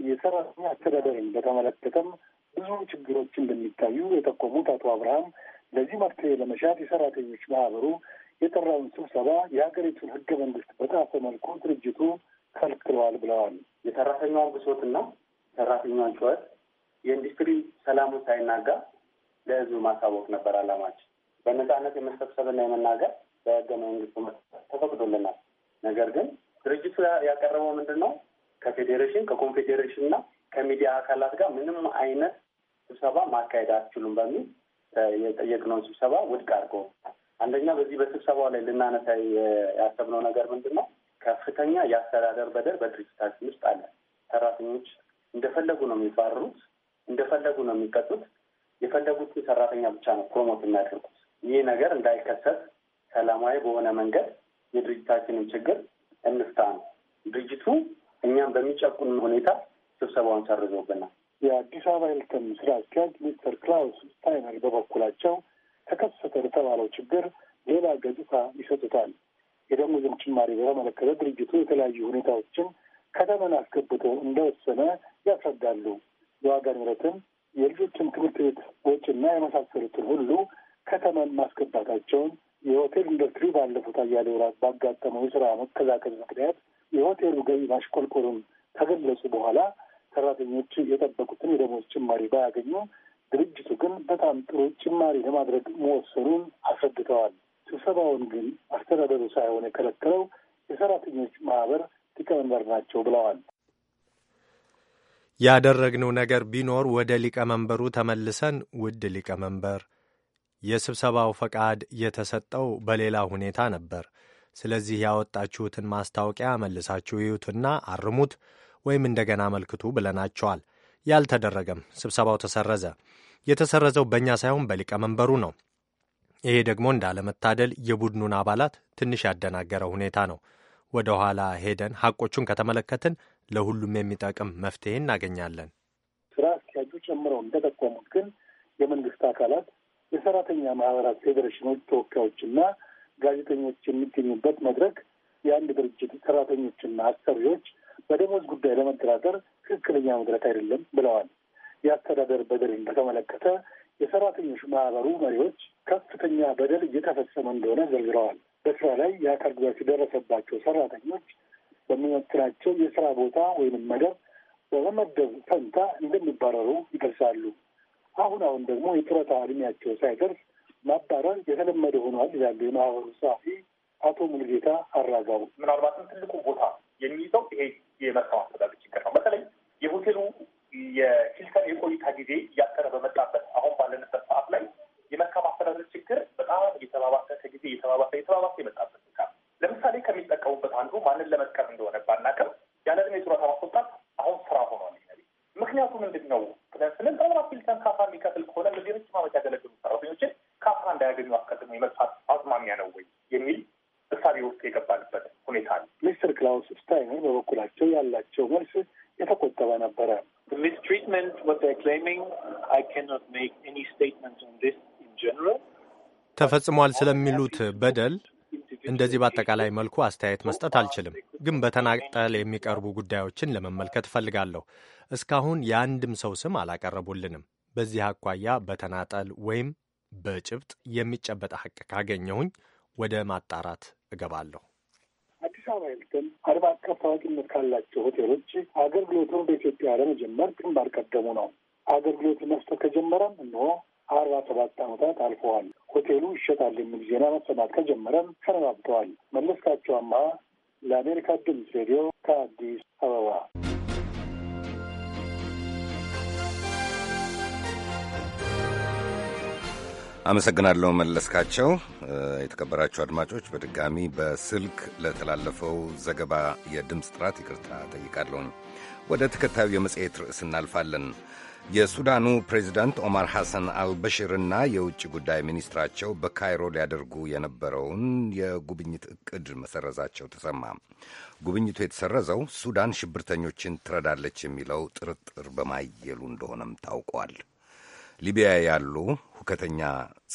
የሰራተኛ አስተዳደርን በተመለከተም ብዙ ችግሮች እንደሚታዩ የጠቆሙት አቶ አብርሃም ለዚህ መፍትሄ ለመሻት የሰራተኞች ማህበሩ የጠራውን ስብሰባ የሀገሪቱን ህገ መንግስት በጣሰ መልኩ ድርጅቱ ከልክለዋል ብለዋል። የሰራተኛዋን ብሶትና ሰራተኛዋን ጩኸት የኢንዱስትሪ ሰላሙን ሳይናጋ ለህዝብ ማሳወቅ ነበር አላማችን። በነፃነት የመሰብሰብና የመናገር በህገ መንግስቱ ተፈቅዶልናል። ነገር ግን ድርጅቱ ያቀረበው ምንድን ነው? ከፌዴሬሽን ከኮንፌዴሬሽን እና ከሚዲያ አካላት ጋር ምንም አይነት ስብሰባ ማካሄድ አትችሉም በሚል የጠየቅነውን ስብሰባ ውድቅ አድርገው፣ አንደኛ በዚህ በስብሰባው ላይ ልናነሳ ያሰብነው ነገር ምንድን ነው? ከፍተኛ የአስተዳደር በደር በድርጅታችን ውስጥ አለ። ሰራተኞች እንደፈለጉ ነው የሚባረሩት፣ እንደፈለጉ ነው የሚቀጡት፣ የፈለጉት ሰራተኛ ብቻ ነው ፕሮሞት የሚያደርጉት። ይህ ነገር እንዳይከሰት ሰላማዊ በሆነ መንገድ የድርጅታችንን ችግር እንፍታ ነው። ድርጅቱ እኛም በሚጨቁን ሁኔታ ስብሰባውን ሰርዞብናል። የአዲስ አበባ ኤልተን ስራ አስኪያጅ ሚስተር ክላውስ ስታይነር በበኩላቸው ተከሰተ ለተባለው ችግር ሌላ ገጽታ ይሰጡታል። የደሞዝን ጭማሪ በተመለከተ ድርጅቱ የተለያዩ ሁኔታዎችን ከተመን አስገብቶ እንደወሰነ ያስረዳሉ። የዋጋ ንረትን የልጆችን ትምህርት ቤት ወጪና የመሳሰሉትን ሁሉ ከተማን ማስገባታቸውን የሆቴል ኢንዱስትሪ ባለፉት አያሌ ወራት ባጋጠመው የስራ መቀዛቀዝ ምክንያት የሆቴሉ ገቢ ማሽቆልቆሉን ከገለጹ በኋላ ሰራተኞች የጠበቁትን የደሞዝ ጭማሪ ባያገኙ ድርጅቱ ግን በጣም ጥሩ ጭማሪ ለማድረግ መወሰኑን አስረድተዋል። ስብሰባውን ግን አስተዳደሩ ሳይሆን የከለከለው የሰራተኞች ማህበር ሊቀመንበር ናቸው ብለዋል። ያደረግነው ነገር ቢኖር ወደ ሊቀመንበሩ ተመልሰን ውድ ሊቀመንበር፣ የስብሰባው ፈቃድ የተሰጠው በሌላ ሁኔታ ነበር። ስለዚህ ያወጣችሁትን ማስታወቂያ መልሳችሁ ይዩትና አርሙት ወይም እንደገና መልክቱ ብለናቸዋል። ያልተደረገም፣ ስብሰባው ተሰረዘ። የተሰረዘው በእኛ ሳይሆን በሊቀመንበሩ ነው። ይሄ ደግሞ እንዳለመታደል የቡድኑን አባላት ትንሽ ያደናገረ ሁኔታ ነው። ወደ ኋላ ሄደን ሐቆቹን ከተመለከትን ለሁሉም የሚጠቅም መፍትሄ እናገኛለን። ስራ አስኪያጁ ጨምረው እንደጠቆሙት ግን የመንግስት አካላት የሰራተኛ ማህበራት ፌዴሬሽኖች ተወካዮችና ጋዜጠኞች የሚገኙበት መድረክ የአንድ ድርጅት ሰራተኞችና አሰሪዎች በደሞዝ ጉዳይ ለመደራደር ትክክለኛ መድረክ አይደለም ብለዋል። የአስተዳደር በደልን በተመለከተ የሰራተኞች ማህበሩ መሪዎች ከፍተኛ በደል እየተፈጸመ እንደሆነ ዘርዝረዋል። በስራ ላይ የአካል ጉዳት የደረሰባቸው ሰራተኞች በሚመክራቸው የስራ ቦታ ወይንም መደብ በመመደብ ፈንታ እንደሚባረሩ ይደርሳሉ። አሁን አሁን ደግሞ የጡረታ እድሜያቸው ሳይደርስ ማባረር የተለመደ ሆኗል ይላሉ የማህበሩ ጸሐፊ አቶ ሙሉጌታ አራጋው። ምናልባትም ትልቁ ቦታ የሚይዘው ይሄ የመልካም አስተዳደር ችግር ነው። በተለይ የሆቴሉ የሽልተር የቆይታ ጊዜ እያጠረ በመጣበት አሁን ባለንበት ሰዓት ላይ የመልካም አስተዳደር ችግር በጣም እየተባባሰ ከጊዜ እየተባባሰ እየተባባሰ የመጣበት ለምሳሌ ከሚጠቀሙበት አንዱ ማንን ለመጥቀም እንደሆነ ባናቅም ያለ እድሜ ጡረታ ማስወጣት አሁን ስራ ሆኗል። ምክንያቱ ምንድን ነው ብለን ስንል ጠራፊል ካሳ የሚከፍል ከሆነ እነዚህ ረጅም ዓመት ያገለገሉ ሰራተኞችን ካፋ እንዳያገኙ አስቀድሞ የመጥፋት አዝማሚያ ነው ወይ የሚል እሳቤ ውስጥ የገባንበት ሁኔታ ነው። ሚስትር ክላውስ ስታይነር በበኩላቸው ያላቸው መልስ የተቆጠበ ነበረ። ተፈጽሟል ስለሚሉት በደል እንደዚህ በአጠቃላይ መልኩ አስተያየት መስጠት አልችልም፣ ግን በተናጠል የሚቀርቡ ጉዳዮችን ለመመልከት እፈልጋለሁ። እስካሁን የአንድም ሰው ስም አላቀረቡልንም። በዚህ አኳያ በተናጠል ወይም በጭብጥ የሚጨበጠ ሀቅ ካገኘሁኝ ወደ ማጣራት እገባለሁ። አዲስ አበባ ሂልተን ዓለም አቀፍ ታዋቂነት ካላቸው ሆቴሎች አገልግሎቱን በኢትዮጵያ ለመጀመር ግንባር ቀደሙ ነው። አገልግሎት መስጠት ከጀመረም እንሆ አርባ ሰባት ዓመታት አልፈዋል። ሆቴሉ ይሸጣል የሚል ዜና መሰማት ከጀመረም ሰነባብተዋል። መለስካቸው አማ ለአሜሪካ ድምፅ ሬዲዮ ከአዲስ አበባ። አመሰግናለሁ መለስካቸው። የተከበራችሁ አድማጮች በድጋሚ በስልክ ለተላለፈው ዘገባ የድምፅ ጥራት ይቅርታ ጠይቃለሁ። ወደ ተከታዩ የመጽሔት ርዕስ እናልፋለን። የሱዳኑ ፕሬዚዳንት ኦማር ሐሰን አልበሽርና የውጭ ጉዳይ ሚኒስትራቸው በካይሮ ሊያደርጉ የነበረውን የጉብኝት እቅድ መሰረዛቸው ተሰማ። ጉብኝቱ የተሰረዘው ሱዳን ሽብርተኞችን ትረዳለች የሚለው ጥርጥር በማየሉ እንደሆነም ታውቋል። ሊቢያ ያሉ ሁከተኛ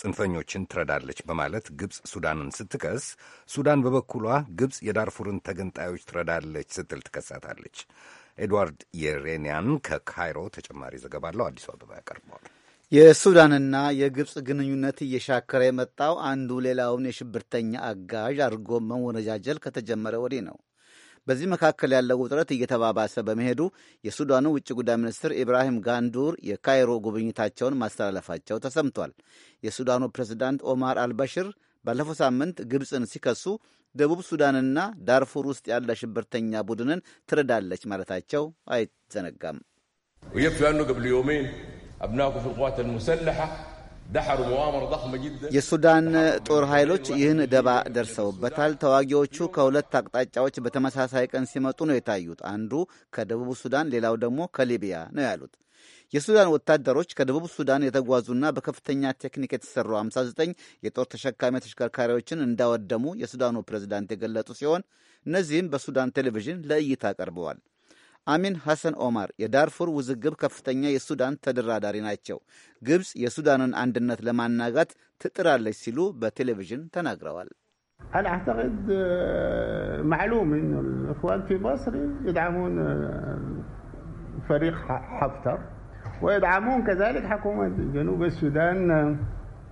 ጽንፈኞችን ትረዳለች በማለት ግብፅ ሱዳንን ስትከስ፣ ሱዳን በበኩሏ ግብፅ የዳርፉርን ተገንጣዮች ትረዳለች ስትል ትከሳታለች። ኤድዋርድ የሬንያን ከካይሮ ተጨማሪ ዘገባ አለው። አዲሱ አበባ ያቀርበዋል። የሱዳንና የግብፅ ግንኙነት እየሻከረ የመጣው አንዱ ሌላውን የሽብርተኛ አጋዥ አድርጎ መወነጃጀል ከተጀመረ ወዲህ ነው። በዚህ መካከል ያለው ውጥረት እየተባባሰ በመሄዱ የሱዳኑ ውጭ ጉዳይ ሚኒስትር ኢብራሂም ጋንዱር የካይሮ ጉብኝታቸውን ማስተላለፋቸው ተሰምቷል። የሱዳኑ ፕሬዚዳንት ኦማር አልባሽር ባለፈው ሳምንት ግብፅን ሲከሱ ደቡብ ሱዳንና ዳርፉር ውስጥ ያለ ሽብርተኛ ቡድንን ትረዳለች ማለታቸው አይዘነጋም። የሱዳን ጦር ኃይሎች ይህን ደባ ደርሰውበታል። ተዋጊዎቹ ከሁለት አቅጣጫዎች በተመሳሳይ ቀን ሲመጡ ነው የታዩት። አንዱ ከደቡብ ሱዳን፣ ሌላው ደግሞ ከሊቢያ ነው ያሉት የሱዳን ወታደሮች ከደቡብ ሱዳን የተጓዙና በከፍተኛ ቴክኒክ የተሰሩ 59 የጦር ተሸካሚ ተሽከርካሪዎችን እንዳወደሙ የሱዳኑ ፕሬዝዳንት የገለጹ ሲሆን እነዚህም በሱዳን ቴሌቪዥን ለእይታ ቀርበዋል። አሚን ሐሰን ኦማር የዳርፉር ውዝግብ ከፍተኛ የሱዳን ተደራዳሪ ናቸው። ግብፅ የሱዳንን አንድነት ለማናጋት ትጥራለች ሲሉ በቴሌቪዥን ተናግረዋል። ويدعمون كذلك حكومة جنوب السودان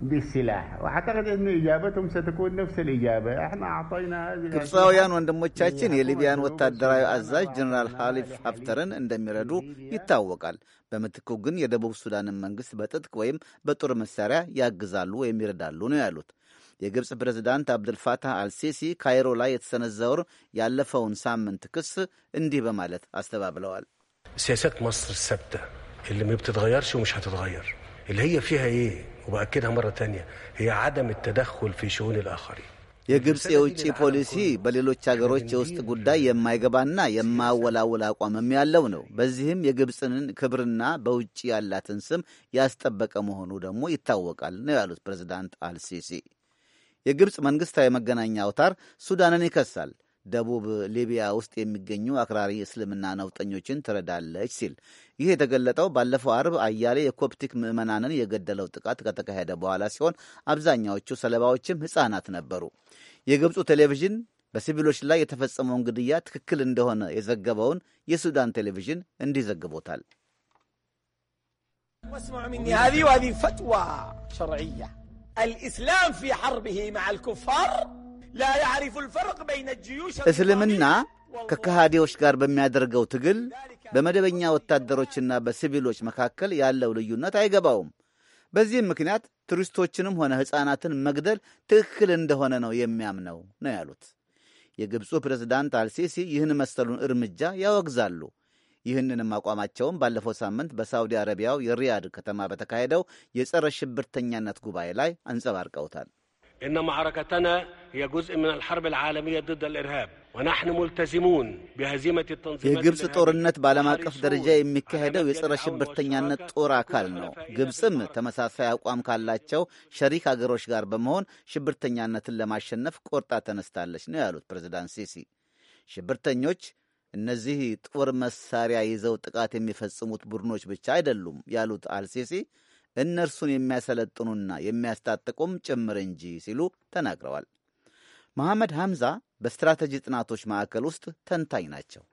بالسلاح واعتقد ان اجابتهم ستكون نفس الاجابه احنا اعطينا هذه ግብፃውያን ወንድሞቻችን የሊቢያን ወታደራዊ አዛዥ ጀኔራል ሃሊፍ ሀፍተርን እንደሚረዱ يتاوقال በምትኩ ግን የደቡብ ሱዳንን መንግስት በትጥቅ ወይም በጦር መሳሪያ ያግዛሉ ወይም ይረዳሉ ነው ያሉት። የግብፅ ፕሬዝዳንት አብድልፋታህ አልሲሲ ካይሮ ላይ የተሰነዘውር ያለፈውን ሳምንት ክስ እንዲህ በማለት አስተባብለዋል ሴሰት መስር ሰብተ اللي ما بتتغيرش ومش هتتغير اللي هي فيها ايه وبأكدها مرة تانية هي عدم التدخل في شؤون الآخرين የግብፅ የውጭ ፖሊሲ በሌሎች ሀገሮች የውስጥ ጉዳይ የማይገባና የማያወላውል አቋምም ያለው ነው። በዚህም የግብፅን ክብርና በውጭ ያላትን ስም ያስጠበቀ መሆኑ ደግሞ ይታወቃል ነው ያሉት ፕሬዚዳንት አልሲሲ። የግብፅ መንግሥታዊ መገናኛ አውታር ሱዳንን ይከሳል። ደቡብ ሊቢያ ውስጥ የሚገኙ አክራሪ እስልምና ነውጠኞችን ትረዳለች ሲል ይህ የተገለጠው ባለፈው አርብ አያሌ የኮፕቲክ ምዕመናንን የገደለው ጥቃት ከተካሄደ በኋላ ሲሆን አብዛኛዎቹ ሰለባዎችም ሕፃናት ነበሩ። የግብፁ ቴሌቪዥን በሲቪሎች ላይ የተፈጸመውን ግድያ ትክክል እንደሆነ የዘገበውን የሱዳን ቴሌቪዥን እንዲህ ዘግቦታል። ፈትዋ ሸርዕያ አልኢስላም ፊ ሐርቢሂ መዐ አልኩፋር እስልምና ከከሃዲዎች ጋር በሚያደርገው ትግል በመደበኛ ወታደሮችና በሲቪሎች መካከል ያለው ልዩነት አይገባውም። በዚህም ምክንያት ቱሪስቶችንም ሆነ ሕፃናትን መግደል ትክክል እንደሆነ ነው የሚያምነው ነው ያሉት። የግብፁ ፕሬዝዳንት አልሲሲ ይህን መሰሉን እርምጃ ያወግዛሉ። ይህንንም አቋማቸውን ባለፈው ሳምንት በሳውዲ አረቢያው የሪያድ ከተማ በተካሄደው የጸረ ሽብርተኛነት ጉባኤ ላይ አንጸባርቀውታል። إن معركتنا የግብፅ ጦርነት በዓለም አቀፍ ደረጃ የሚካሄደው የጸረ ሽብርተኛነት ጦር አካል ነው። ግብፅም ተመሳሳይ አቋም ካላቸው ሸሪክ አገሮች ጋር በመሆን ሽብርተኛነትን ለማሸነፍ ቆርጣ ተነስታለች ነው ያሉት ፕሬዚዳንት ሲሲ። ሽብርተኞች እነዚህ ጦር መሳሪያ ይዘው ጥቃት የሚፈጽሙት ቡድኖች ብቻ አይደሉም ያሉት አልሲሲ እነርሱን የሚያሰለጥኑና የሚያስታጥቁም ጭምር እንጂ ሲሉ ተናግረዋል። መሐመድ ሐምዛ በስትራቴጂ ጥናቶች ማዕከል ውስጥ ተንታኝ ናቸው።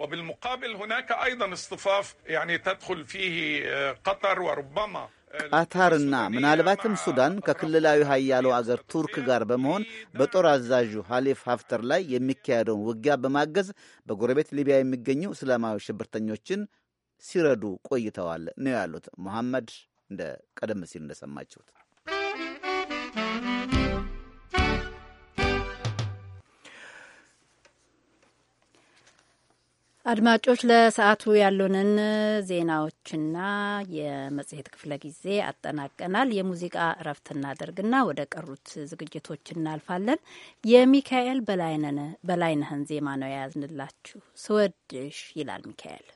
ወብልሙቃብል ሁናከ أيضا اصطفاف يعني تدخل فيه قطر وربما ቃታርና ምናልባትም ሱዳን ከክልላዊ ሀያለው አገር ቱርክ ጋር በመሆን በጦር አዛዡ ሀሊፍ ሀፍተር ላይ የሚካሄደውን ውጊያ በማገዝ በጎረቤት ሊቢያ የሚገኙ እስላማዊ ሽብርተኞችን ሲረዱ ቆይተዋል ነው ያሉት መሐመድ እንደ ቀደም ሲል እንደሰማችሁት አድማጮች ለሰዓቱ ያሉንን ዜናዎችና የመጽሔት ክፍለ ጊዜ አጠናቀናል። የሙዚቃ እረፍት እናደርግና ወደ ቀሩት ዝግጅቶች እናልፋለን። የሚካኤል በላይነህን ዜማ ነው የያዝንላችሁ። ስወድሽ ይላል ሚካኤል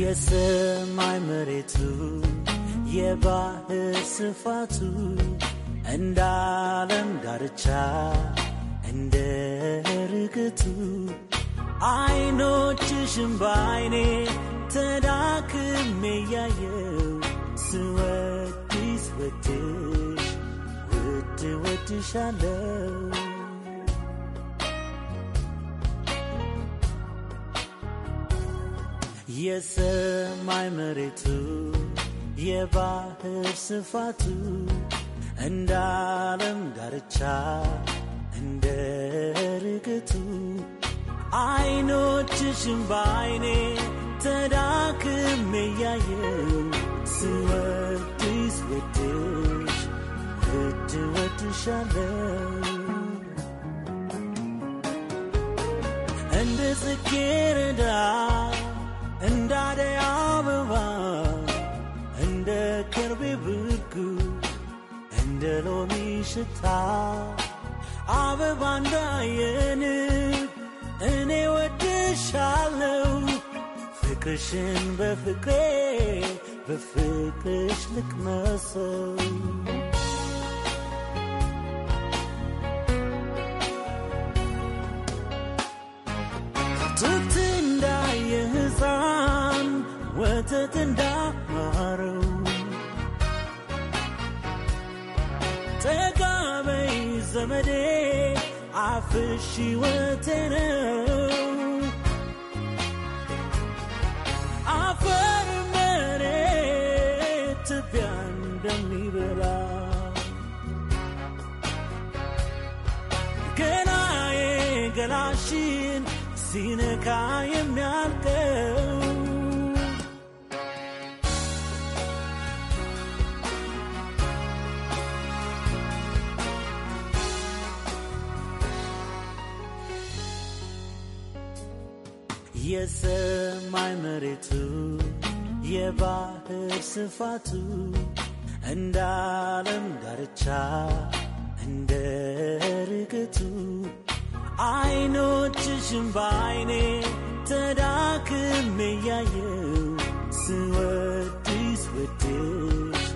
የሰማይ መሬቱ የባህር ስፋቱ እንደ ዓለም ዳርቻ እንደ ርግቱ አይኖችሽን በአይኔ ተዳክሜ ያየው ስወድሽ ወድሽ ውድ ወድሻለው የሰማይ መሬቱ የባህር ስፋቱ እንደ ዓለም ዳርቻ እንደ ርግቱ አይኖችሽን በአይኔ ተዳክሜ እያየው ስወድሽ ወድሽ ውድ ወድሻለው እንደ ጽጌረዳ እንዳደ አበባ እንደ ከርቤ ብርኩ እንደ ሎሚ ሽታ አበባ እንዳየን እኔ ወድሻለው ፍቅርሽን በፍቅሬ በፍቅርሽ ልቅመሰው ማለት እንዳማረው ጠጋበይ ዘመዴ አፍሽ ሕይወቴ ነው አፈር መሬት ትቢያ እንደሚበላ ገላዬ ገላሽን ሲነካ የሚያልቀው ሰማይ መሬቱ የባህር ስፋቱ እንደ ዓለም ዳርቻ እንደ ርግቱ አይኖችሽም በአይኔ ተዳክም እያየው ስወድስ ወድሽ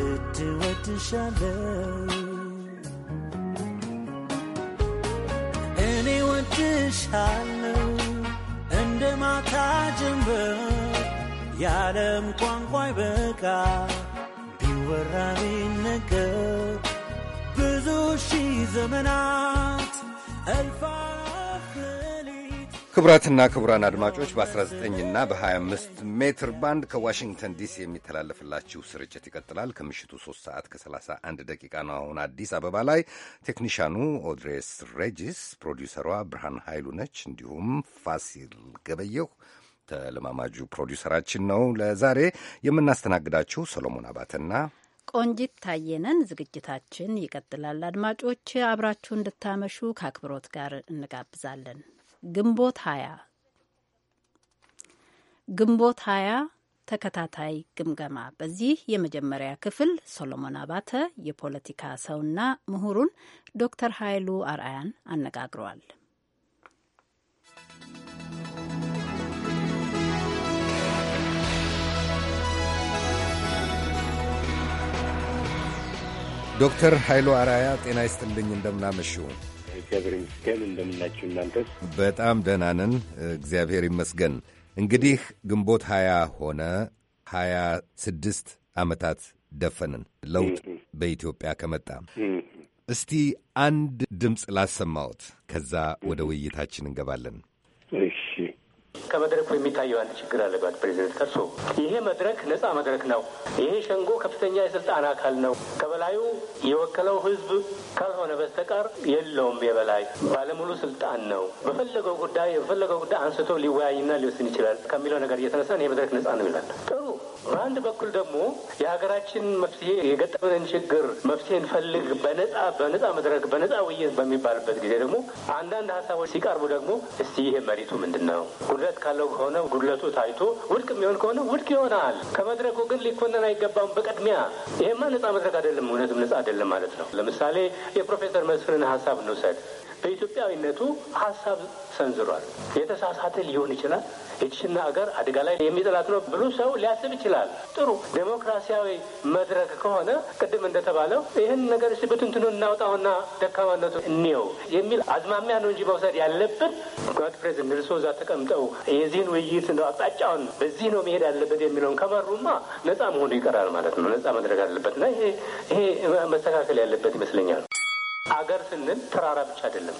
ውድ ወድሻለው እኔ ወድሻለ ካጀንበር የዓለም ቋንቋ ይበቃ ቢወራ ቢነገር ብዙ ሺህ ዘመናት እልፋ ክቡራትና ክቡራን አድማጮች በ19 እና በ25 ሜትር ባንድ ከዋሽንግተን ዲሲ የሚተላለፍላችሁ ስርጭት ይቀጥላል። ከምሽቱ 3 ሰዓት ከ31 ደቂቃ ነው አሁን አዲስ አበባ ላይ። ቴክኒሻኑ ኦድሬስ ሬጂስ፣ ፕሮዲውሰሯ ብርሃን ኃይሉ ነች። እንዲሁም ፋሲል ገበየሁ ተለማማጁ ፕሮዲውሰራችን ነው። ለዛሬ የምናስተናግዳችሁ ሰሎሞን አባተና ቆንጂት ታየነን። ዝግጅታችን ይቀጥላል። አድማጮች አብራችሁ እንድታመሹ ከአክብሮት ጋር እንጋብዛለን። ግንቦት ሀያ ግንቦት ሀያ ተከታታይ ግምገማ። በዚህ የመጀመሪያ ክፍል ሶሎሞን አባተ የፖለቲካ ሰውና ምሁሩን ዶክተር ኃይሉ አርአያን አነጋግሯል። ዶክተር ኃይሉ አርአያ ጤና ይስጥልኝ፣ እንደምናመሽው እግዚአብሔር ይመስገን። እንደምናችሁ እናንተስ? በጣም ደህና ነን፣ እግዚአብሔር ይመስገን። እንግዲህ ግንቦት ሀያ ሆነ ሀያ ስድስት ዓመታት ደፈንን ለውጥ በኢትዮጵያ ከመጣ እስቲ አንድ ድምፅ ላሰማዎት፣ ከዛ ወደ ውይይታችን እንገባለን። ከመድረኩ የሚታየው አንድ ችግር አለባት ፕሬዚደንት ከርሶ ይሄ መድረክ ነጻ መድረክ ነው። ይሄ ሸንጎ ከፍተኛ የስልጣን አካል ነው። ከበላዩ የወከለው ህዝብ ካልሆነ በስተቀር የለውም። የበላይ ባለሙሉ ስልጣን ነው። በፈለገው ጉዳይ በፈለገው ጉዳይ አንስቶ ሊወያይና ሊወስን ይችላል ከሚለው ነገር እየተነሳን ይሄ መድረክ ነጻ ነው ይላል። ጥሩ በአንድ በኩል ደግሞ የሀገራችን መፍትሄ የገጠመንን ችግር መፍትሄ እንፈልግ በነጻ በነጻ መድረክ በነጻ ውይይት በሚባልበት ጊዜ ደግሞ አንዳንድ ሀሳቦች ሲቀርቡ ደግሞ እስቲ ይሄ መሪቱ ምንድን ነው? ጉድለት ካለው ከሆነ ጉድለቱ ታይቶ ውድቅ የሚሆን ከሆነ ውድቅ ይሆናል። ከመድረኩ ግን ሊኮነን አይገባም። በቅድሚያ ይሄማ ነጻ መድረክ አይደለም፣ እውነትም ነጻ አይደለም ማለት ነው። ለምሳሌ የፕሮፌሰር መስፍንን ሀሳብ እንውሰድ። በኢትዮጵያዊነቱ ሀሳብ ሰንዝሯል። የተሳሳተ ሊሆን ይችላል። ይችና ሀገር አደጋ ላይ የሚጥላት ነው ብሎ ሰው ሊያስብ ይችላል። ጥሩ ዴሞክራሲያዊ መድረክ ከሆነ ቅድም እንደተባለው ይህን ነገር ስ ብትንትኑ እናውጣውና ደካማነቱ እንየው የሚል አዝማሚያ ነው እንጂ መውሰድ ያለብን ፕሬዚደንት ንልሶ እዛ ተቀምጠው የዚህን ውይይት ነው አቅጣጫውን በዚህ ነው መሄድ ያለበት የሚለውን ከመሩማ ነጻ መሆኑ ይቀራል ማለት ነው። ነጻ መድረግ አለበት እና ይሄ መስተካከል ያለበት ይመስለኛል። አገር ስንል ተራራ ብቻ አይደለም።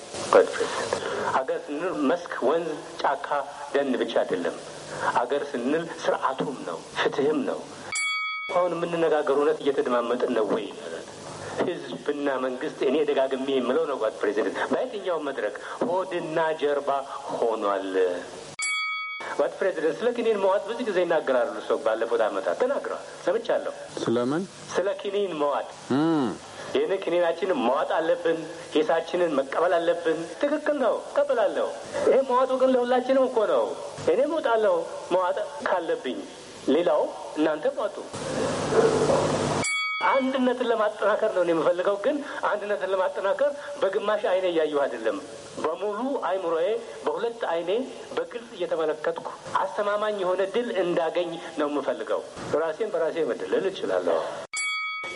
አገር ስንል መስክ፣ ወንዝ፣ ጫካ፣ ደን ብቻ አይደለም። አገር ስንል ስርዓቱም ነው፣ ፍትህም ነው። አሁን የምንነጋገር እውነት እየተደማመጥን ነው ወይ? ህዝብና መንግስት እኔ ደጋግሜ የምለው ነው ጓድ ፕሬዚደንት፣ በየትኛው መድረክ ሆድና ጀርባ ሆኗል። ጓድ ፕሬዚደንት፣ ስለ ኪኒን መዋጥ ብዙ ጊዜ ይናገራሉ ሰው ባለፉት አመታት ተናግረዋል፣ ሰምቻለሁ። ስለምን ስለ ኪኒን መዋጥ ይህንን ክኒናችንን ማዋጥ አለብን። ሂሳችንን መቀበል አለብን። ትክክል ነው፣ ቀበላለሁ። ይሄ መዋጡ ግን ለሁላችንም እኮ ነው። እኔ መውጣለሁ መዋጥ ካለብኝ፣ ሌላው እናንተ መዋጡ አንድነትን ለማጠናከር ነው የምፈልገው። ግን አንድነትን ለማጠናከር በግማሽ አይኔ እያየሁ አይደለም። በሙሉ አይምሮዬ፣ በሁለት አይኔ በግልጽ እየተመለከትኩ አስተማማኝ የሆነ ድል እንዳገኝ ነው የምፈልገው። ራሴን በራሴ መደለል እችላለሁ።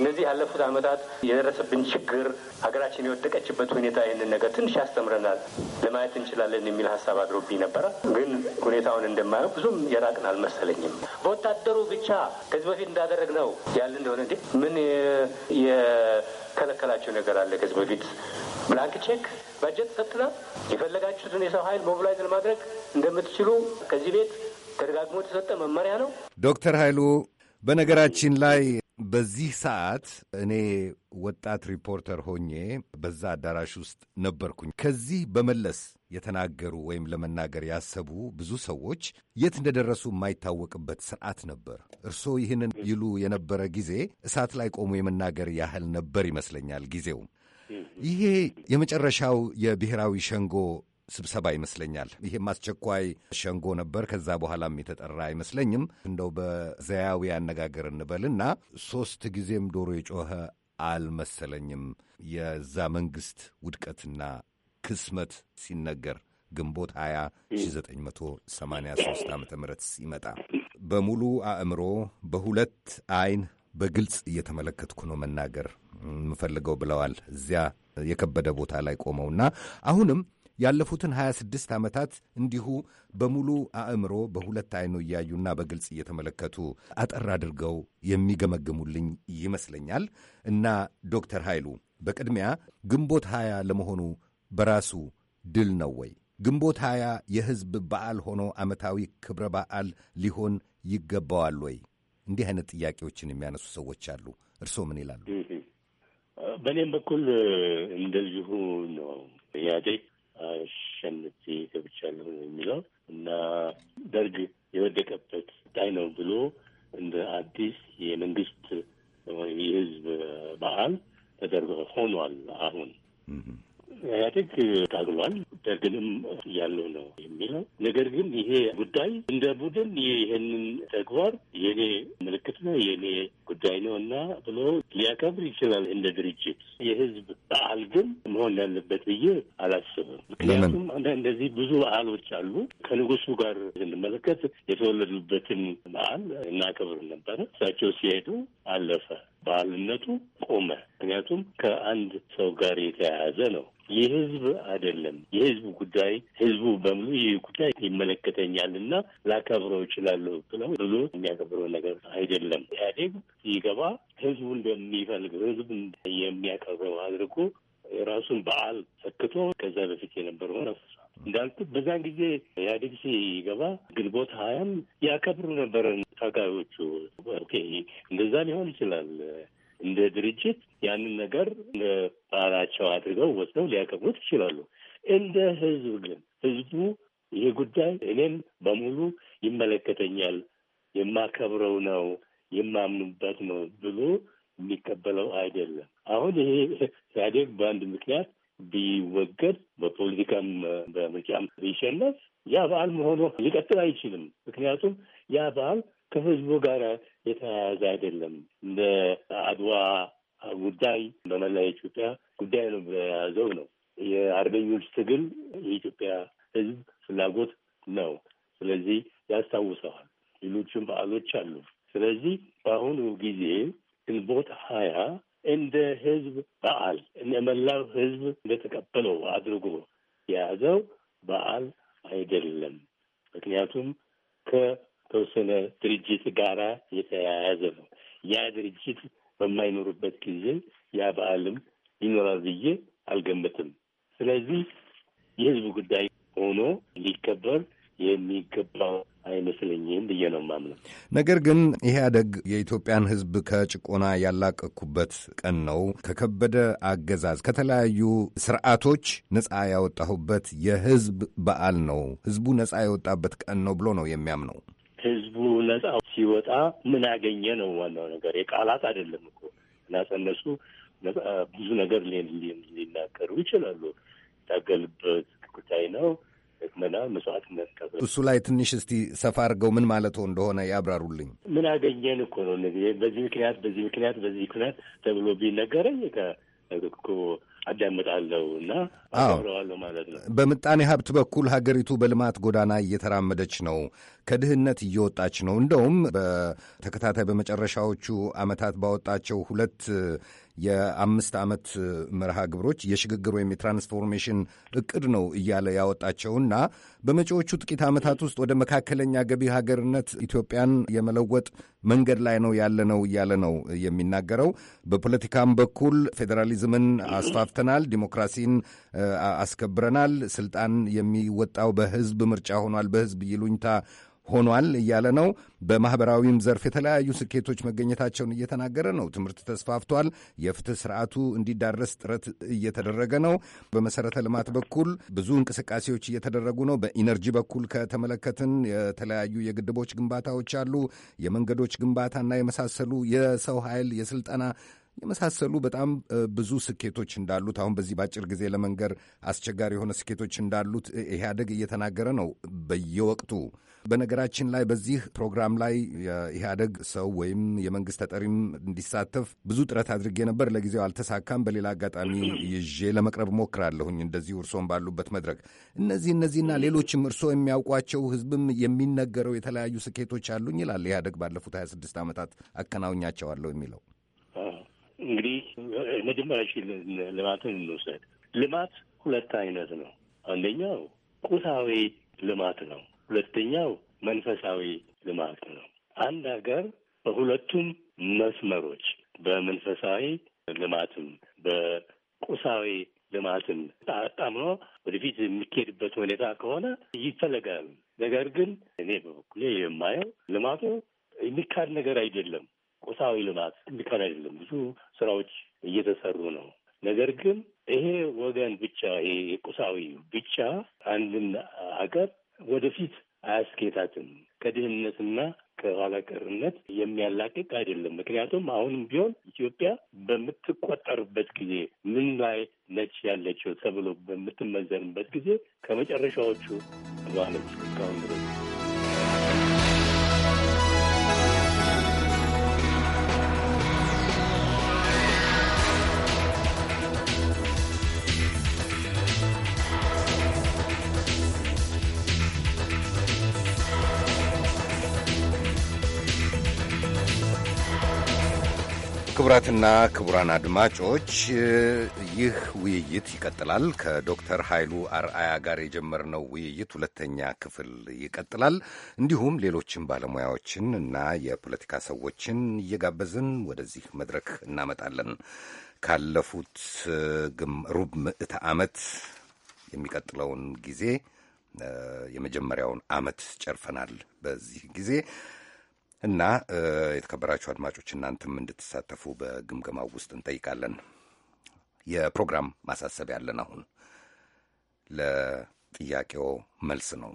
እነዚህ ያለፉት ዓመታት የደረሰብን ችግር፣ ሀገራችን የወደቀችበት ሁኔታ ይህንን ነገር ትንሽ ያስተምረናል፣ ለማየት እንችላለን የሚል ሀሳብ አድሮብኝ ነበረ። ግን ሁኔታውን እንደማየው ብዙም የራቅን አልመሰለኝም። በወታደሩ ብቻ ከዚህ በፊት እንዳደረግነው ያለ እንደሆነ እንዴ ምን የከለከላቸው ነገር አለ? ከዚህ በፊት ብላንክ ቼክ ባጀት ሰጥተናል። የፈለጋችሁትን የሰው ኃይል ሞቢላይዝ ለማድረግ እንደምትችሉ ከዚህ ቤት ተደጋግሞ የተሰጠ መመሪያ ነው። ዶክተር ኃይሉ በነገራችን ላይ በዚህ ሰዓት እኔ ወጣት ሪፖርተር ሆኜ በዛ አዳራሽ ውስጥ ነበርኩኝ። ከዚህ በመለስ የተናገሩ ወይም ለመናገር ያሰቡ ብዙ ሰዎች የት እንደደረሱ የማይታወቅበት ስርዓት ነበር። እርስዎ ይህንን ይሉ የነበረ ጊዜ እሳት ላይ ቆሙ የመናገር ያህል ነበር ይመስለኛል ጊዜውም ይሄ የመጨረሻው የብሔራዊ ሸንጎ ስብሰባ ይመስለኛል። ይህም አስቸኳይ ሸንጎ ነበር። ከዛ በኋላም የተጠራ አይመስለኝም። እንደው በዘያዊ አነጋገር እንበልና ሶስት ጊዜም ዶሮ የጮኸ አልመሰለኝም። የዛ መንግስት ውድቀትና ክስመት ሲነገር ግንቦት 20 1983 ዓ ም ሲመጣ በሙሉ አእምሮ በሁለት አይን በግልጽ እየተመለከትኩ ነው መናገር የምፈልገው ብለዋል እዚያ የከበደ ቦታ ላይ ቆመውና አሁንም ያለፉትን 26 ዓመታት እንዲሁ በሙሉ አእምሮ በሁለት አይኑ እያዩና በግልጽ እየተመለከቱ አጠር አድርገው የሚገመግሙልኝ ይመስለኛል። እና ዶክተር ኃይሉ በቅድሚያ ግንቦት ሀያ ለመሆኑ በራሱ ድል ነው ወይ? ግንቦት 20 የህዝብ በዓል ሆኖ ዓመታዊ ክብረ በዓል ሊሆን ይገባዋል ወይ? እንዲህ አይነት ጥያቄዎችን የሚያነሱ ሰዎች አሉ። እርስዎ ምን ይላሉ? በእኔም በኩል እንደዚሁ ነው ጥያቄ ሸምቲ ገብቻለሁ የሚለው እና ደርግ የወደቀበት ጣይ ነው ብሎ እንደ አዲስ የመንግስት የህዝብ በዓል ተደርጎ ሆኗል አሁን ኢህአዴግ ታግሏል፣ ደርግንም ያለው ነው የሚለው ነገር ግን ይሄ ጉዳይ እንደ ቡድን ይህንን ተግባር የኔ ምልክት ነው የኔ ጉዳይ ነው እና ብሎ ሊያከብር ይችላል እንደ ድርጅት። የህዝብ በዓል ግን መሆን ያለበት ብዬ አላስብም። ምክንያቱም እንደዚህ ብዙ በዓሎች አሉ። ከንጉሱ ጋር ስንመለከት የተወለዱበትን በዓል እናከብር ነበረ። እሳቸው ሲሄዱ አለፈ። ባልነቱ ቆመ። ምክንያቱም ከአንድ ሰው ጋር የተያያዘ ነው። የህዝብ አይደለም። የህዝብ ጉዳይ ህዝቡ በሙሉ ይህ ጉዳይ ይመለከተኛል እና ላከብረው እችላለሁ ብለው ብሎ የሚያከብረው ነገር አይደለም። ኢህአዴግ ሲገባ ህዝቡ እንደሚፈልግ ህዝብ የሚያከብረው አድርጎ የራሱን በዓል ሰክቶ ከዛ በፊት የነበረውን አፍሳ እንዳልኩት በዛን ጊዜ ኢህአዴግ ሲገባ ግንቦት ሀያም ያከብሩ ነበረ። ታጋዮቹ ኦኬ እንደዛ ሊሆን ይችላል። እንደ ድርጅት ያንን ነገር ጣራቸው አድርገው ወስደው ሊያከብሩት ይችላሉ። እንደ ህዝብ ግን ህዝቡ ይሄ ጉዳይ እኔም በሙሉ ይመለከተኛል፣ የማከብረው ነው፣ የማምኑበት ነው ብሎ የሚቀበለው አይደለም። አሁን ይሄ ኢህአዴግ በአንድ ምክንያት ቢወገድ በፖለቲካም በምርጫም ቢሸነፍ ያ በዓል መሆኑ ሊቀጥል አይችልም። ምክንያቱም ያ በዓል ከህዝቡ ጋር የተያያዘ አይደለም። እንደ አድዋ ጉዳይ በመላ የኢትዮጵያ ጉዳይ ነው የያዘው ነው። የአርበኞች ትግል የኢትዮጵያ ህዝብ ፍላጎት ነው። ስለዚህ ያስታውሰዋል። ሌሎችም በዓሎች አሉ። ስለዚህ በአሁኑ ጊዜ ግንቦት ሀያ እንደ ህዝብ በዓል መላው ህዝብ እንደተቀበለው አድርጎ የያዘው በዓል አይደለም። ምክንያቱም ከ ከተወሰነ ድርጅት ጋራ የተያያዘ ነው። ያ ድርጅት በማይኖርበት ጊዜ ያ በዓልም ይኖራል ብዬ አልገምትም። ስለዚህ የህዝብ ጉዳይ ሆኖ ሊከበር የሚገባው አይመስለኝም ብዬ ነው የማምነው። ነገር ግን ኢህአደግ የኢትዮጵያን ህዝብ ከጭቆና ያላቀኩበት ቀን ነው፣ ከከበደ አገዛዝ ከተለያዩ ስርዓቶች ነፃ ያወጣሁበት የህዝብ በዓል ነው፣ ህዝቡ ነፃ የወጣበት ቀን ነው ብሎ ነው የሚያምነው። ህዝቡ ነጻ ሲወጣ ምን አገኘ ነው ዋናው ነገር። የቃላት አይደለም እኮ እናጸነሱ ብዙ ነገር ሊናገሩ ይችላሉ። ታገልበት ጉዳይ ነው ህክመና መስዋዕትነት ቀ እሱ ላይ ትንሽ እስቲ ሰፋ አድርገው ምን ማለት እንደሆነ ያብራሩልኝ። ምን አገኘን እኮ ነው በዚህ ምክንያት በዚህ ምክንያት በዚህ ምክንያት ተብሎ ቢነገረኝ እኮ አዳምጣለሁ እና አብረዋለሁ ማለት ነው። በምጣኔ ሀብት በኩል ሀገሪቱ በልማት ጎዳና እየተራመደች ነው፣ ከድህነት እየወጣች ነው። እንደውም በተከታታይ በመጨረሻዎቹ ዓመታት ባወጣቸው ሁለት የአምስት ዓመት መርሃ ግብሮች የሽግግር ወይም የትራንስፎርሜሽን እቅድ ነው እያለ ያወጣቸውና በመጪዎቹ ጥቂት ዓመታት ውስጥ ወደ መካከለኛ ገቢ ሀገርነት ኢትዮጵያን የመለወጥ መንገድ ላይ ነው ያለ ነው እያለ ነው የሚናገረው። በፖለቲካም በኩል ፌዴራሊዝምን አስፋፍተናል፣ ዲሞክራሲን አስከብረናል፣ ስልጣን የሚወጣው በህዝብ ምርጫ ሆኗል፣ በህዝብ ይሉኝታ ሆኗል እያለ ነው። በማኅበራዊም ዘርፍ የተለያዩ ስኬቶች መገኘታቸውን እየተናገረ ነው። ትምህርት ተስፋፍቷል። የፍትህ ስርዓቱ እንዲዳረስ ጥረት እየተደረገ ነው። በመሰረተ ልማት በኩል ብዙ እንቅስቃሴዎች እየተደረጉ ነው። በኢነርጂ በኩል ከተመለከትን የተለያዩ የግድቦች ግንባታዎች አሉ። የመንገዶች ግንባታና የመሳሰሉ የሰው ኃይል የስልጠና የመሳሰሉ በጣም ብዙ ስኬቶች እንዳሉት አሁን በዚህ በአጭር ጊዜ ለመንገር አስቸጋሪ የሆነ ስኬቶች እንዳሉት ኢህአደግ እየተናገረ ነው በየወቅቱ በነገራችን ላይ በዚህ ፕሮግራም ላይ የኢህአደግ ሰው ወይም የመንግስት ተጠሪም እንዲሳተፍ ብዙ ጥረት አድርጌ ነበር። ለጊዜው አልተሳካም። በሌላ አጋጣሚ ይዤ ለመቅረብ ሞክራለሁኝ። እንደዚህ እርስዎም ባሉበት መድረክ እነዚህ እነዚህና ሌሎችም እርስዎ የሚያውቋቸው ህዝብም የሚነገረው የተለያዩ ስኬቶች አሉኝ ይላል ኢህአደግ ባለፉት 26 ዓመታት አከናውኛቸዋለሁ የሚለው እንግዲህ መጀመሪያ ልማትን እንውሰድ። ልማት ሁለት አይነት ነው። አንደኛው ቁሳዊ ልማት ነው። ሁለተኛው መንፈሳዊ ልማት ነው። አንድ ሀገር በሁለቱም መስመሮች በመንፈሳዊ ልማትም በቁሳዊ ልማትም ጣጣምኖ ወደፊት የሚካሄድበት ሁኔታ ከሆነ ይፈለጋል። ነገር ግን እኔ በበኩሌ የማየው ልማቱ የሚካድ ነገር አይደለም። ቁሳዊ ልማት የሚካድ አይደለም። ብዙ ስራዎች እየተሰሩ ነው። ነገር ግን ይሄ ወገን ብቻ ይሄ ቁሳዊ ብቻ አንድን ሀገር ወደፊት አያስኬታትም። ከድህነትና ከኋላ ቀርነት የሚያላቅቅ አይደለም። ምክንያቱም አሁንም ቢሆን ኢትዮጵያ በምትቆጠርበት ጊዜ ምን ላይ ነች ያለችው ተብሎ በምትመዘንበት ጊዜ ከመጨረሻዎቹ ባለች እስካሁን ድረስ ክቡራትና ክቡራን አድማጮች ይህ ውይይት ይቀጥላል። ከዶክተር ኃይሉ አርአያ ጋር የጀመርነው ውይይት ሁለተኛ ክፍል ይቀጥላል። እንዲሁም ሌሎችን ባለሙያዎችን እና የፖለቲካ ሰዎችን እየጋበዝን ወደዚህ መድረክ እናመጣለን። ካለፉት ሩብ ምዕተ ዓመት የሚቀጥለውን ጊዜ የመጀመሪያውን ዓመት ጨርፈናል። በዚህ ጊዜ እና የተከበራችሁ አድማጮች እናንተም እንድትሳተፉ በግምገማው ውስጥ እንጠይቃለን። የፕሮግራም ማሳሰቢያ ያለን አሁን ለጥያቄው መልስ ነው።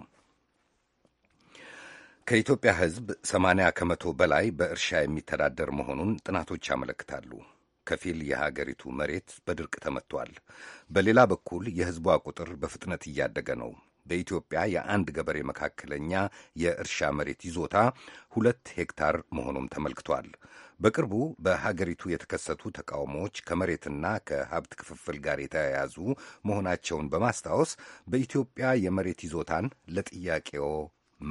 ከኢትዮጵያ ሕዝብ 80 ከመቶ በላይ በእርሻ የሚተዳደር መሆኑን ጥናቶች ያመለክታሉ። ከፊል የሀገሪቱ መሬት በድርቅ ተመጥቷል። በሌላ በኩል የሕዝቧ ቁጥር በፍጥነት እያደገ ነው። በኢትዮጵያ የአንድ ገበሬ መካከለኛ የእርሻ መሬት ይዞታ ሁለት ሄክታር መሆኑም ተመልክቷል። በቅርቡ በሀገሪቱ የተከሰቱ ተቃውሞዎች ከመሬትና ከሀብት ክፍፍል ጋር የተያያዙ መሆናቸውን በማስታወስ በኢትዮጵያ የመሬት ይዞታን ለጥያቄዎ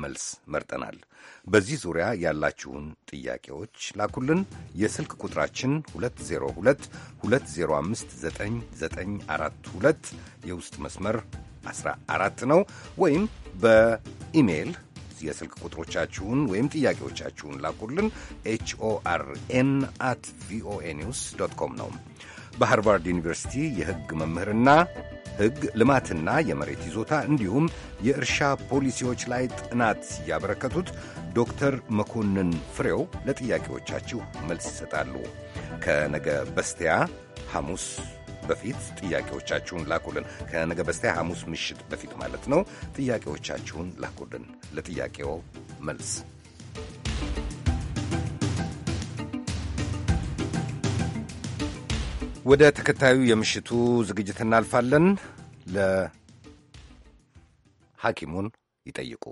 መልስ መርጠናል። በዚህ ዙሪያ ያላችሁን ጥያቄዎች ላኩልን። የስልክ ቁጥራችን 2022059942 የውስጥ መስመር 14 ነው ወይም በኢሜይል የስልክ ቁጥሮቻችሁን ወይም ጥያቄዎቻችሁን ላኩልን። ኤችኦአርኤን አት ቪኦኤ ኒውስ ዶት ኮም ነው። በሃርቫርድ ዩኒቨርሲቲ የሕግ መምህርና ሕግ ልማትና የመሬት ይዞታ እንዲሁም የእርሻ ፖሊሲዎች ላይ ጥናት ያበረከቱት ዶክተር መኮንን ፍሬው ለጥያቄዎቻችሁ መልስ ይሰጣሉ። ከነገ በስቲያ ሐሙስ በፊት ጥያቄዎቻችሁን ላኩልን። ከነገ በስቲያ ሐሙስ ምሽት በፊት ማለት ነው። ጥያቄዎቻችሁን ላኩልን። ለጥያቄው መልስ ወደ ተከታዩ የምሽቱ ዝግጅት እናልፋለን። ለሐኪሙን ይጠይቁ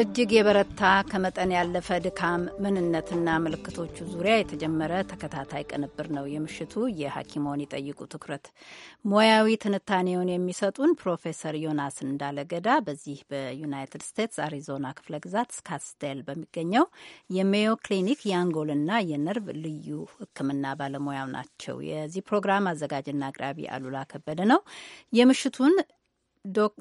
እጅግ የበረታ ከመጠን ያለፈ ድካም ምንነትና ምልክቶቹ ዙሪያ የተጀመረ ተከታታይ ቅንብር ነው። የምሽቱ የሐኪሞን ይጠይቁ ትኩረት ሙያዊ ትንታኔውን የሚሰጡን ፕሮፌሰር ዮናስ እንዳለገዳ በዚህ በዩናይትድ ስቴትስ አሪዞና ክፍለ ግዛት ስካትስዴል በሚገኘው የሜዮ ክሊኒክ የአንጎልና የነርቭ ልዩ ሕክምና ባለሙያው ናቸው። የዚህ ፕሮግራም አዘጋጅና አቅራቢ አሉላ ከበደ ነው። የምሽቱን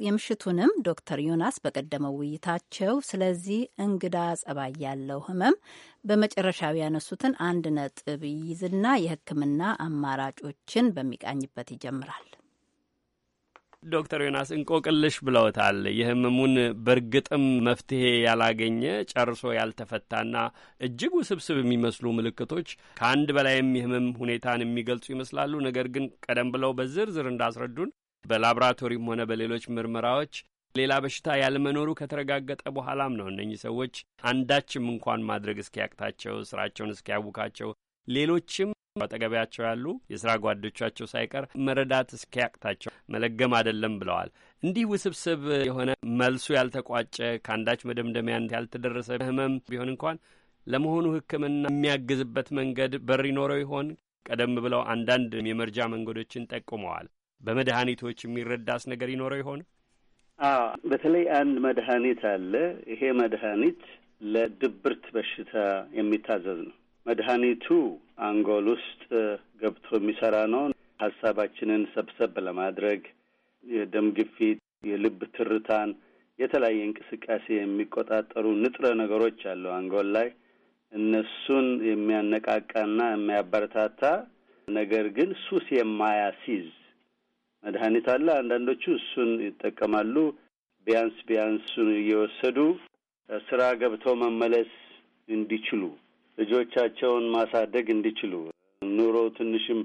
የምሽቱንም ዶክተር ዮናስ በቀደመው ውይይታቸው ስለዚህ እንግዳ ጸባይ ያለው ህመም በመጨረሻው ያነሱትን አንድ ነጥብ ይይዝና የሕክምና አማራጮችን በሚቃኝበት ይጀምራል። ዶክተር ዮናስ እንቆቅልሽ ብለውታል። የህመሙን በእርግጥም መፍትሄ ያላገኘ ጨርሶ ያልተፈታና እጅግ ውስብስብ የሚመስሉ ምልክቶች ከአንድ በላይም የህመም ሁኔታን የሚገልጹ ይመስላሉ። ነገር ግን ቀደም ብለው በዝርዝር እንዳስረዱን በላቦራቶሪም ሆነ በሌሎች ምርመራዎች ሌላ በሽታ ያለመኖሩ ከተረጋገጠ በኋላም ነው እነኚህ ሰዎች አንዳችም እንኳን ማድረግ እስኪያቅታቸው ስራቸውን እስኪያውካቸው ሌሎችም አጠገቢያቸው ያሉ የስራ ጓዶቻቸው ሳይቀር መረዳት እስኪያቅታቸው መለገም አይደለም ብለዋል። እንዲህ ውስብስብ የሆነ መልሱ ያልተቋጨ ከአንዳች መደምደሚያን ያልተደረሰ ህመም ቢሆን እንኳን ለመሆኑ ሕክምና የሚያግዝበት መንገድ በር ይኖረው ይሆን? ቀደም ብለው አንዳንድ የመርጃ መንገዶችን ጠቁመዋል። በመድኃኒቶች የሚረዳስ ነገር ይኖረው ይሆን? በተለይ አንድ መድኃኒት አለ። ይሄ መድኃኒት ለድብርት በሽታ የሚታዘዝ ነው። መድኃኒቱ አንጎል ውስጥ ገብቶ የሚሰራ ነው። ሀሳባችንን ሰብሰብ ለማድረግ የደም ግፊት፣ የልብ ትርታን፣ የተለያየ እንቅስቃሴ የሚቆጣጠሩ ንጥረ ነገሮች አሉ አንጎል ላይ እነሱን የሚያነቃቃና የሚያበረታታ ነገር ግን ሱስ የማያስይዝ መድኃኒት አለ። አንዳንዶቹ እሱን ይጠቀማሉ። ቢያንስ ቢያንስ እየወሰዱ ስራ ገብተው መመለስ እንዲችሉ፣ ልጆቻቸውን ማሳደግ እንዲችሉ፣ ኑሮ ትንሽም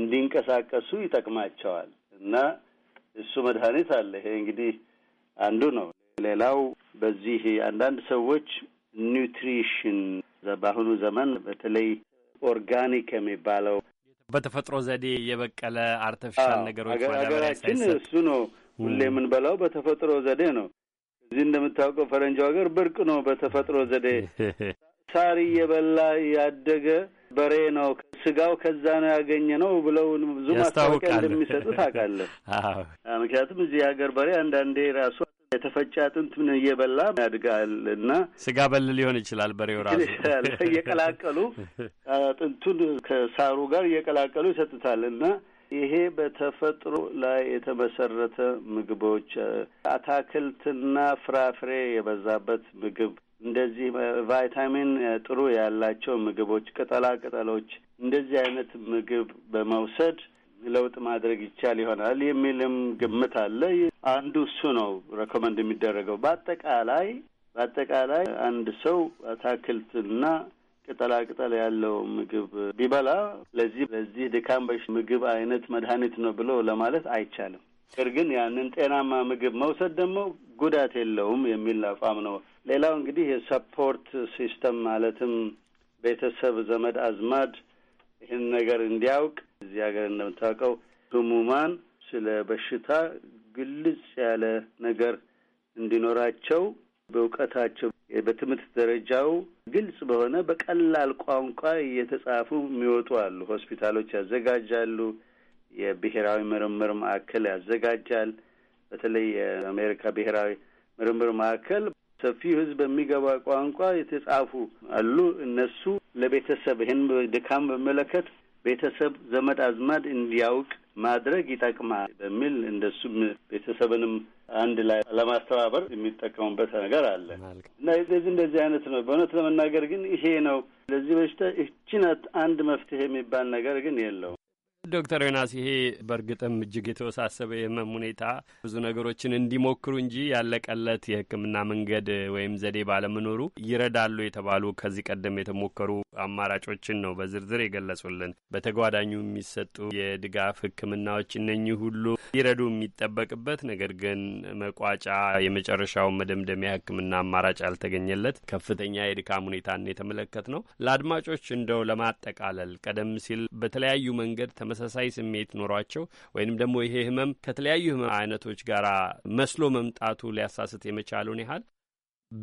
እንዲንቀሳቀሱ ይጠቅማቸዋል እና እሱ መድኃኒት አለ። ይሄ እንግዲህ አንዱ ነው። ሌላው በዚህ አንዳንድ ሰዎች ኒውትሪሽን በአሁኑ ዘመን በተለይ ኦርጋኒክ የሚባለው በተፈጥሮ ዘዴ የበቀለ አርተፊሻል ነገሮች ሀገራችን እሱ ነው ሁሌ የምንበላው በተፈጥሮ ዘዴ ነው። እዚህ እንደምታውቀው ፈረንጅ ሀገር ብርቅ ነው በተፈጥሮ ዘዴ ሳር እየበላ ያደገ በሬ ነው ስጋው ከዛ ነው ያገኘ ነው ብለው ብዙ ማስታወቂያ እንደሚሰጡ ታውቃለህ። ምክንያቱም እዚህ ሀገር በሬ አንዳንዴ ራሱ የተፈጨ ምን እየበላ ያድጋል እና ስጋ በል ሊሆን ይችላል። በሬው ራሱ እየቀላቀሉ አጥንቱን ከሳሩ ጋር እየቀላቀሉ ይሰጥታል እና ይሄ በተፈጥሮ ላይ የተመሰረተ ምግቦች፣ አታክልትና ፍራፍሬ የበዛበት ምግብ እንደዚህ ቫይታሚን ጥሩ ያላቸው ምግቦች፣ ቅጠላ ቅጠሎች እንደዚህ አይነት ምግብ በመውሰድ ለውጥ ማድረግ ይቻል ይሆናል የሚልም ግምት አለ። አንዱ እሱ ነው ሬኮመንድ የሚደረገው። በአጠቃላይ በአጠቃላይ አንድ ሰው አትክልትና ቅጠላ ቅጠል ያለው ምግብ ቢበላ ለዚህ ለዚህ ድካም በሽ ምግብ አይነት መድኃኒት ነው ብሎ ለማለት አይቻልም። ነገር ግን ያንን ጤናማ ምግብ መውሰድ ደግሞ ጉዳት የለውም የሚል አቋም ነው። ሌላው እንግዲህ የሰፖርት ሲስተም ማለትም ቤተሰብ፣ ዘመድ አዝማድ ይህን ነገር እንዲያውቅ እዚህ ሀገር እንደምታውቀው ህሙማን ስለ በሽታ ግልጽ ያለ ነገር እንዲኖራቸው በእውቀታቸው በትምህርት ደረጃው ግልጽ በሆነ በቀላል ቋንቋ እየተጻፉ የሚወጡ አሉ። ሆስፒታሎች ያዘጋጃሉ። የብሔራዊ ምርምር ማዕከል ያዘጋጃል። በተለይ የአሜሪካ ብሔራዊ ምርምር ማዕከል ሰፊው ህዝብ በሚገባ ቋንቋ የተጻፉ አሉ። እነሱ ለቤተሰብ ይህን ድካም በመለከት ቤተሰብ ዘመድ አዝማድ እንዲያውቅ ማድረግ ይጠቅማል በሚል እንደሱም ቤተሰብንም አንድ ላይ ለማስተባበር የሚጠቀሙበት ነገር አለ እና እንደዚህ እንደዚህ አይነት ነው። በእውነት ለመናገር ግን ይሄ ነው ለዚህ በሽታ ይህቺ አንድ መፍትሄ የሚባል ነገር ግን የለው። ዶክተር ዮናስ ይሄ በእርግጥም እጅግ የተወሳሰበ የህመም ሁኔታ ብዙ ነገሮችን እንዲሞክሩ እንጂ ያለቀለት የህክምና መንገድ ወይም ዘዴ ባለመኖሩ ይረዳሉ የተባሉ ከዚህ ቀደም የተሞከሩ አማራጮችን ነው በዝርዝር የገለጹልን። በተጓዳኙ የሚሰጡ የድጋፍ ህክምናዎች እነኚህ ሁሉ ይረዱ የሚጠበቅበት ነገር ግን መቋጫ የመጨረሻው መደምደሚያ ህክምና አማራጭ ያልተገኘለት ከፍተኛ የድካም ሁኔታን የተመለከት ነው። ለአድማጮች እንደው ለማጠቃለል ቀደም ሲል በተለያዩ መንገድ ተመ ተመሳሳይ ስሜት ኖሯቸው ወይንም ደግሞ ይሄ ህመም ከተለያዩ ህመም አይነቶች ጋር መስሎ መምጣቱ ሊያሳስት የመቻሉን ያህል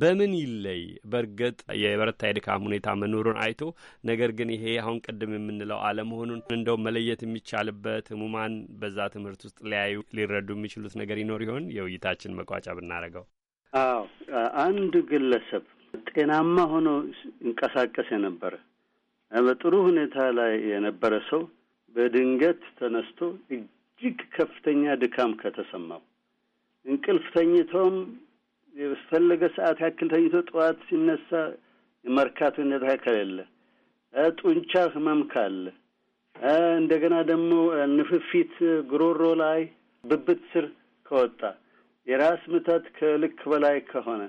በምን ይለይ? በእርግጥ የበረታ የድካም ሁኔታ መኖሩን አይቶ ነገር ግን ይሄ አሁን ቅድም የምንለው አለመሆኑን እንደው መለየት የሚቻልበት ህሙማን በዛ ትምህርት ውስጥ ሊያዩ ሊረዱ የሚችሉት ነገር ይኖር ይሆን? የውይይታችን መቋጫ ብናደርገው። አዎ አንድ ግለሰብ ጤናማ ሆኖ ይንቀሳቀስ የነበረ በጥሩ ሁኔታ ላይ የነበረ ሰው በድንገት ተነስቶ እጅግ ከፍተኛ ድካም ከተሰማው እንቅልፍ ተኝቶም የፈለገ ሰዓት ያክል ተኝቶ ጠዋት ሲነሳ የመርካት ሁኔታ ከሌለ ጡንቻ ህመም ካለ እንደገና ደግሞ ንፍፊት ጉሮሮ ላይ ብብት ስር ከወጣ የራስ ምታት ከልክ በላይ ከሆነ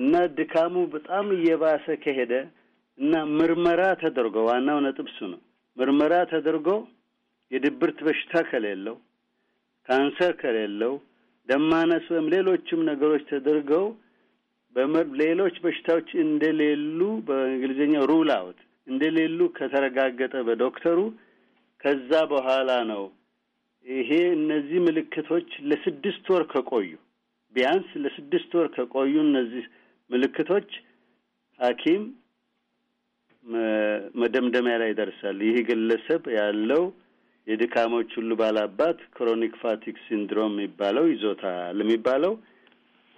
እና ድካሙ በጣም እየባሰ ከሄደ እና ምርመራ ተደርጎ ዋናው ነጥብ እሱ ነው። ምርመራ ተደርጎ የድብርት በሽታ ከሌለው፣ ካንሰር ከሌለው፣ ደም ማነስ ወይም ሌሎችም ነገሮች ተደርገው ሌሎች በሽታዎች እንደሌሉ በእንግሊዝኛ ሩል አውት እንደሌሉ ከተረጋገጠ በዶክተሩ ከዛ በኋላ ነው ይሄ እነዚህ ምልክቶች ለስድስት ወር ከቆዩ ቢያንስ ለስድስት ወር ከቆዩ እነዚህ ምልክቶች ሐኪም መደምደሚያ ላይ ይደርሳል። ይህ ግለሰብ ያለው የድካሞች ሁሉ ባላባት ክሮኒክ ፋቲክ ሲንድሮም የሚባለው ይዞታ ለሚባለው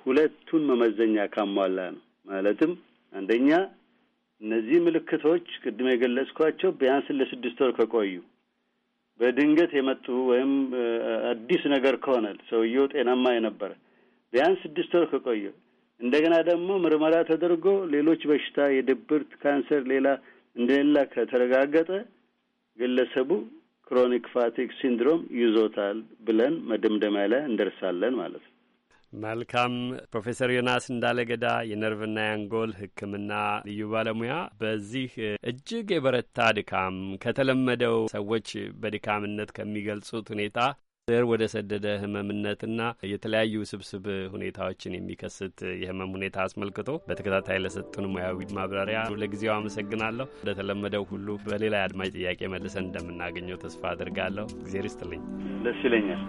ሁለቱን መመዘኛ ካሟላ ነው። ማለትም አንደኛ እነዚህ ምልክቶች ቅድም የገለጽኳቸው ቢያንስ ለስድስት ወር ከቆዩ፣ በድንገት የመጡ ወይም አዲስ ነገር ከሆነ ሰውየው ጤናማ የነበረ ቢያንስ ስድስት ወር ከቆየ፣ እንደገና ደግሞ ምርመራ ተደርጎ ሌሎች በሽታ የድብርት፣ ካንሰር፣ ሌላ እንደሌላ ከተረጋገጠ ግለሰቡ ክሮኒክ ፋቲክ ሲንድሮም ይዞታል ብለን መደምደሚያ ላይ እንደርሳለን ማለት ነው። መልካም ፕሮፌሰር ዮናስ እንዳለገዳ የነርቭና የአንጎል ሕክምና ልዩ ባለሙያ በዚህ እጅግ የበረታ ድካም ከተለመደው ሰዎች በድካምነት ከሚገልጹት ሁኔታ ስር ወደ ሰደደ ህመምነትና የተለያዩ ስብስብ ሁኔታዎችን የሚከስት የህመም ሁኔታ አስመልክቶ በተከታታይ ለሰጡን ሙያዊ ማብራሪያ ለጊዜው አመሰግናለሁ። እንደተለመደው ሁሉ በሌላ የአድማጭ ጥያቄ መልሰን እንደምናገኘው ተስፋ አድርጋለሁ። እግዜር ይስጥልኝ። ደስ ይለኛል።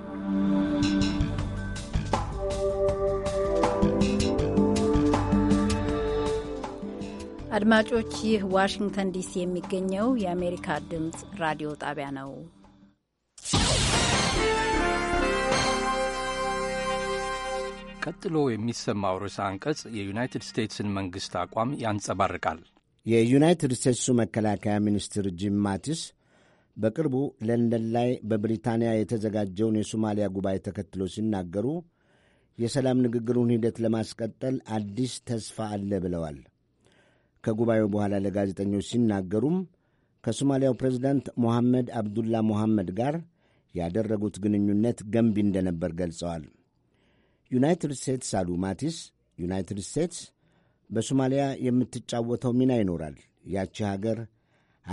አድማጮች፣ ይህ ዋሽንግተን ዲሲ የሚገኘው የአሜሪካ ድምፅ ራዲዮ ጣቢያ ነው። ቀጥሎ የሚሰማው ርዕሰ አንቀጽ የዩናይትድ ስቴትስን መንግሥት አቋም ያንጸባርቃል። የዩናይትድ ስቴትሱ መከላከያ ሚኒስትር ጂም ማቲስ በቅርቡ ለንደን ላይ በብሪታንያ የተዘጋጀውን የሶማሊያ ጉባኤ ተከትሎ ሲናገሩ የሰላም ንግግሩን ሂደት ለማስቀጠል አዲስ ተስፋ አለ ብለዋል። ከጉባኤው በኋላ ለጋዜጠኞች ሲናገሩም ከሶማሊያው ፕሬዚዳንት ሞሐመድ አብዱላ ሞሐመድ ጋር ያደረጉት ግንኙነት ገንቢ እንደነበር ገልጸዋል። ዩናይትድ ስቴትስ አሉ ማቲስ፣ ዩናይትድ ስቴትስ በሶማሊያ የምትጫወተው ሚና ይኖራል። ያቺ ሀገር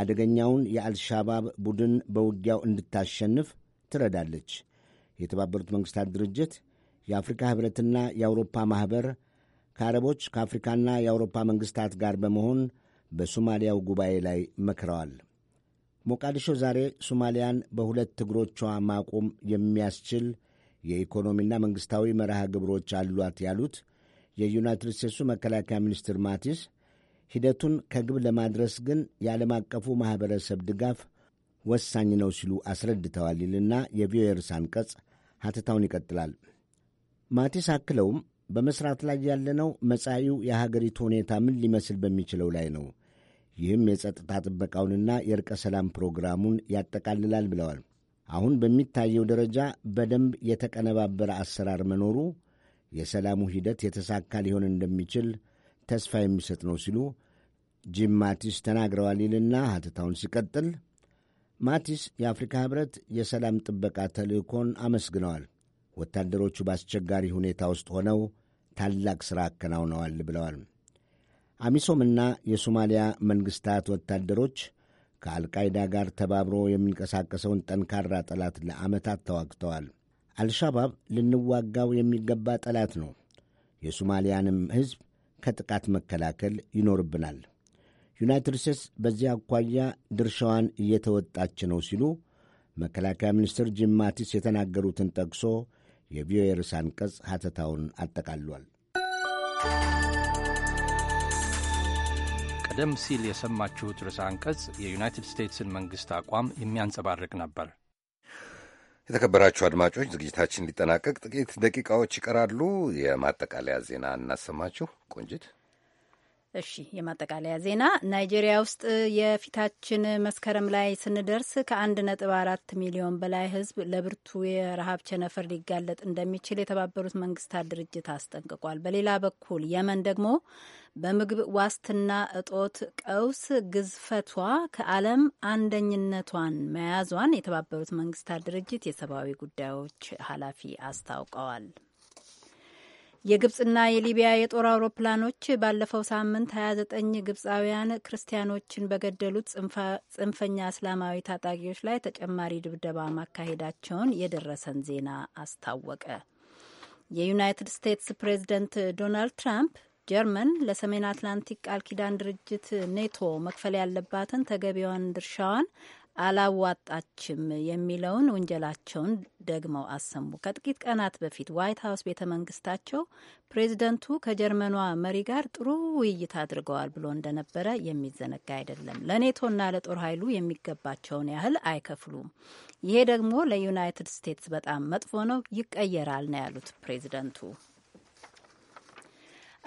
አደገኛውን የአልሻባብ ቡድን በውጊያው እንድታሸንፍ ትረዳለች። የተባበሩት መንግሥታት ድርጅት፣ የአፍሪካ ኅብረትና የአውሮፓ ማኅበር ከአረቦች ከአፍሪካና የአውሮፓ መንግሥታት ጋር በመሆን በሶማሊያው ጉባኤ ላይ መክረዋል። ሞቃዲሾ ዛሬ ሶማሊያን በሁለት እግሮቿ ማቆም የሚያስችል የኢኮኖሚና መንግሥታዊ መርሃ ግብሮች አሏት ያሉት የዩናይትድ ስቴትሱ መከላከያ ሚኒስትር ማቲስ ሂደቱን ከግብ ለማድረስ ግን የዓለም አቀፉ ማኅበረሰብ ድጋፍ ወሳኝ ነው ሲሉ አስረድተዋል ይልና የቪኦኤ ርዕሰ አንቀጽ ሐተታውን ይቀጥላል። ማቲስ አክለውም በመሥራት ላይ ያለነው መጻኢው የሀገሪቱ ሁኔታ ምን ሊመስል በሚችለው ላይ ነው። ይህም የጸጥታ ጥበቃውንና የእርቀ ሰላም ፕሮግራሙን ያጠቃልላል ብለዋል። አሁን በሚታየው ደረጃ በደንብ የተቀነባበረ አሰራር መኖሩ የሰላሙ ሂደት የተሳካ ሊሆን እንደሚችል ተስፋ የሚሰጥ ነው ሲሉ ጂም ማቲስ ተናግረዋል ይልና ሀተታውን ሲቀጥል ማቲስ የአፍሪካ ኅብረት የሰላም ጥበቃ ተልእኮን አመስግነዋል። ወታደሮቹ በአስቸጋሪ ሁኔታ ውስጥ ሆነው ታላቅ ሥራ አከናውነዋል ብለዋል። አሚሶምና የሶማሊያ መንግሥታት ወታደሮች ከአልቃይዳ ጋር ተባብሮ የሚንቀሳቀሰውን ጠንካራ ጠላት ለዓመታት ተዋግተዋል። አልሻባብ ልንዋጋው የሚገባ ጠላት ነው። የሶማሊያንም ሕዝብ ከጥቃት መከላከል ይኖርብናል። ዩናይትድ ስቴትስ በዚህ አኳያ ድርሻዋን እየተወጣች ነው ሲሉ መከላከያ ሚኒስትር ጂም ማቲስ የተናገሩትን ጠቅሶ የቪኦኤ ርዕሰ አንቀጽ ሐተታውን አጠቃልሏል። ቀደም ሲል የሰማችሁት ርዕሰ አንቀጽ የዩናይትድ ስቴትስን መንግሥት አቋም የሚያንጸባርቅ ነበር። የተከበራችሁ አድማጮች ዝግጅታችን ሊጠናቀቅ ጥቂት ደቂቃዎች ይቀራሉ። የማጠቃለያ ዜና እናሰማችሁ ቆንጅት። እሺ፣ የማጠቃለያ ዜና ናይጄሪያ ውስጥ የፊታችን መስከረም ላይ ስንደርስ ከአንድ ነጥብ አራት ሚሊዮን በላይ ህዝብ ለብርቱ የረሃብ ቸነፈር ሊጋለጥ እንደሚችል የተባበሩት መንግስታት ድርጅት አስጠንቅቋል። በሌላ በኩል የመን ደግሞ በምግብ ዋስትና እጦት ቀውስ ግዝፈቷ ከዓለም አንደኝነቷን መያዟን የተባበሩት መንግስታት ድርጅት የሰብአዊ ጉዳዮች ኃላፊ አስታውቀዋል። የግብፅና የሊቢያ የጦር አውሮፕላኖች ባለፈው ሳምንት 29 ግብፃውያን ክርስቲያኖችን በገደሉት ጽንፈኛ እስላማዊ ታጣቂዎች ላይ ተጨማሪ ድብደባ ማካሄዳቸውን የደረሰን ዜና አስታወቀ። የዩናይትድ ስቴትስ ፕሬዝደንት ዶናልድ ትራምፕ ጀርመን ለሰሜን አትላንቲክ ቃል ኪዳን ድርጅት ኔቶ መክፈል ያለባትን ተገቢዋን ድርሻዋን አላዋጣችም የሚለውን ውንጀላቸውን ደግመው አሰሙ። ከጥቂት ቀናት በፊት ዋይት ሀውስ ቤተ መንግስታቸው ፕሬዚደንቱ ከጀርመኗ መሪ ጋር ጥሩ ውይይት አድርገዋል ብሎ እንደነበረ የሚዘነጋ አይደለም። ለኔቶና ለጦር ኃይሉ የሚገባቸውን ያህል አይከፍሉም። ይሄ ደግሞ ለዩናይትድ ስቴትስ በጣም መጥፎ ነው፣ ይቀየራል ነው ያሉት ፕሬዚደንቱ።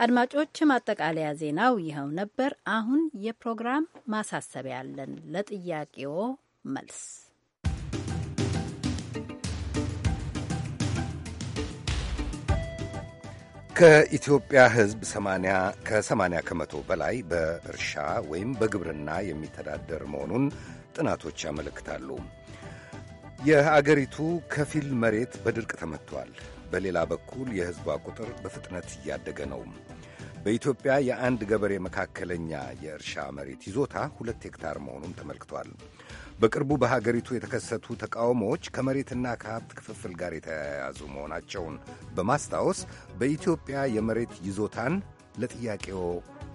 አድማጮች፣ ማጠቃለያ ዜናው ይኸው ነበር። አሁን የፕሮግራም ማሳሰቢያ አለን። ለጥያቄዎ መልስ ከኢትዮጵያ ሕዝብ ከ ከመቶ በላይ በእርሻ ወይም በግብርና የሚተዳደር መሆኑን ጥናቶች ያመለክታሉ። የአገሪቱ ከፊል መሬት በድርቅ ተመቷል። በሌላ በኩል የሕዝቧ ቁጥር በፍጥነት እያደገ ነው። በኢትዮጵያ የአንድ ገበሬ መካከለኛ የእርሻ መሬት ይዞታ ሁለት ሄክታር መሆኑን ተመልክቷል። በቅርቡ በሀገሪቱ የተከሰቱ ተቃውሞዎች ከመሬትና ከሀብት ክፍፍል ጋር የተያያዙ መሆናቸውን በማስታወስ በኢትዮጵያ የመሬት ይዞታን ለጥያቄው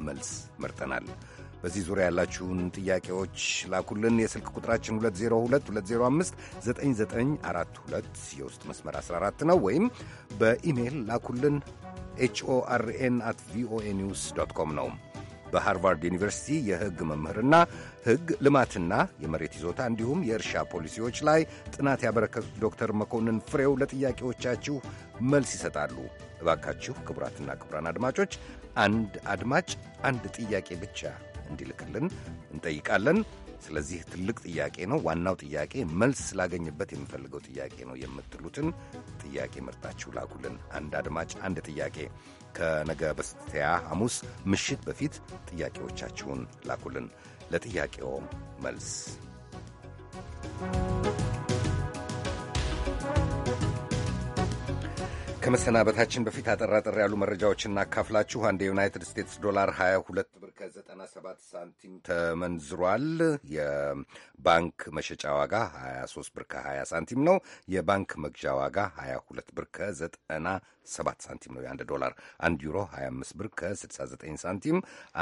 መልስ መርጠናል። በዚህ ዙሪያ ያላችሁን ጥያቄዎች ላኩልን። የስልክ ቁጥራችን 2022059942 የውስጥ መስመር 14 ነው፣ ወይም በኢሜይል ላኩልን ኤችኦአርኤን አት ቪኦኤ ኒውስ ዶት ኮም ነው። በሃርቫርድ ዩኒቨርሲቲ የሕግ መምህርና ሕግ ልማትና የመሬት ይዞታ እንዲሁም የእርሻ ፖሊሲዎች ላይ ጥናት ያበረከቱት ዶክተር መኮንን ፍሬው ለጥያቄዎቻችሁ መልስ ይሰጣሉ። እባካችሁ ክቡራትና ክቡራን አድማጮች አንድ አድማጭ አንድ ጥያቄ ብቻ እንዲልክልን እንጠይቃለን። ስለዚህ ትልቅ ጥያቄ ነው። ዋናው ጥያቄ መልስ ስላገኝበት የምፈልገው ጥያቄ ነው የምትሉትን ጥያቄ ምርጣችሁ ላኩልን። አንድ አድማጭ አንድ ጥያቄ ከነገ በስቲያ ሐሙስ ምሽት በፊት ጥያቄዎቻችሁን ላኩልን። ለጥያቄው መልስ ከመሰናበታችን በፊት አጠራጠር ያሉ መረጃዎችን እናካፍላችሁ። አንድ የዩናይትድ ስቴትስ ዶላር 22 ብር ከ97 ሳንቲም ተመንዝሯል። የባንክ መሸጫ ዋጋ 23 ብር ከ20 ሳንቲም ነው። የባንክ መግዣ ዋጋ 22 ብር ከ90 7 ሳንቲም ነው የአንድ ዶላር። አንድ ዩሮ 25 ብር ከ69 ሳንቲም፣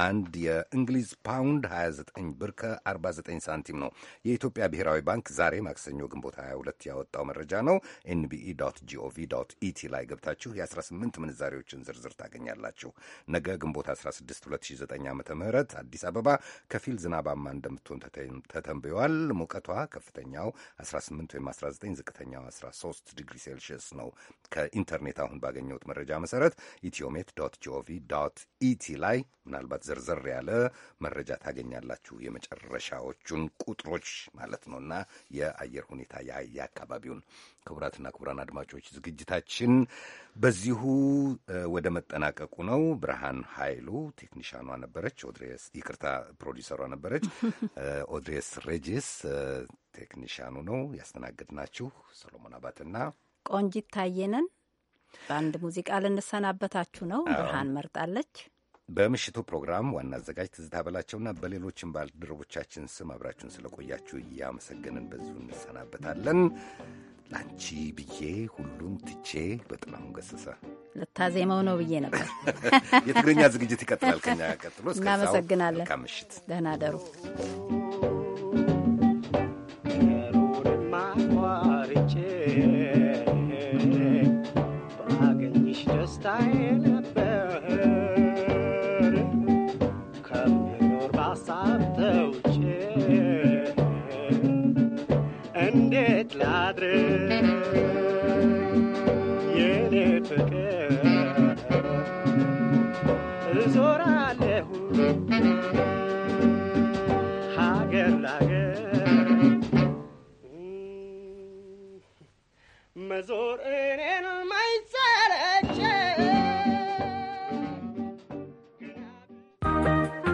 አንድ የእንግሊዝ ፓውንድ 29 ብር ከ49 ሳንቲም ነው። የኢትዮጵያ ብሔራዊ ባንክ ዛሬ ማክሰኞ ግንቦት 22 ያወጣው መረጃ ነው። ኤንቢኢ ጂኦቪ ኢቲ ላይ ገብታችሁ የ18 ምንዛሬዎችን ዝርዝር ታገኛላችሁ። ነገ ግንቦት 16 2009 ዓ ም አዲስ አበባ ከፊል ዝናባማ እንደምትሆን ተተንብዮአል። ሙቀቷ ከፍተኛው 18 ወይም 19፣ ዝቅተኛው 13 ዲግሪ ሴልሺየስ ነው። ከኢንተርኔት አሁን ባገኘሁት መረጃ መሰረት ኢትዮሜት ዶት ጂኦቪ ዶት ኢቲ ላይ ምናልባት ዝርዝር ያለ መረጃ ታገኛላችሁ። የመጨረሻዎቹን ቁጥሮች ማለት ነው የአየር ሁኔታ የአካባቢውን ክቡራትና ክቡራን አድማጮች ዝግጅታችን በዚሁ ወደ መጠናቀቁ ነው። ብርሃን ኃይሉ ቴክኒሻኗ ነበረች። ኦድሬስ ይቅርታ፣ ፕሮዲሰሯ ነበረች። ኦድሬስ ሬጅስ ቴክኒሻኑ ነው። ያስተናገድናችሁ ሰሎሞን አባትና ቆንጂት ታየነን። በአንድ ሙዚቃ ልንሰናበታችሁ ነው። ብርሃን መርጣለች። በምሽቱ ፕሮግራም ዋና አዘጋጅ ትዝታ በላቸውና በሌሎችም ባልደረቦቻችን ስም አብራችሁን ስለቆያችሁ እያመሰገንን በዚሁ እንሰናበታለን። ለአንቺ ብዬ ሁሉን ትቼ በጥላሁን ገሰሰ ልታዜመው ነው ብዬ ነበር። የትግርኛ ዝግጅት ይቀጥላል ከኛ ቀጥሎ። እናመሰግናለን። ምሽት። ደህና ደሩ። mezor en el mar.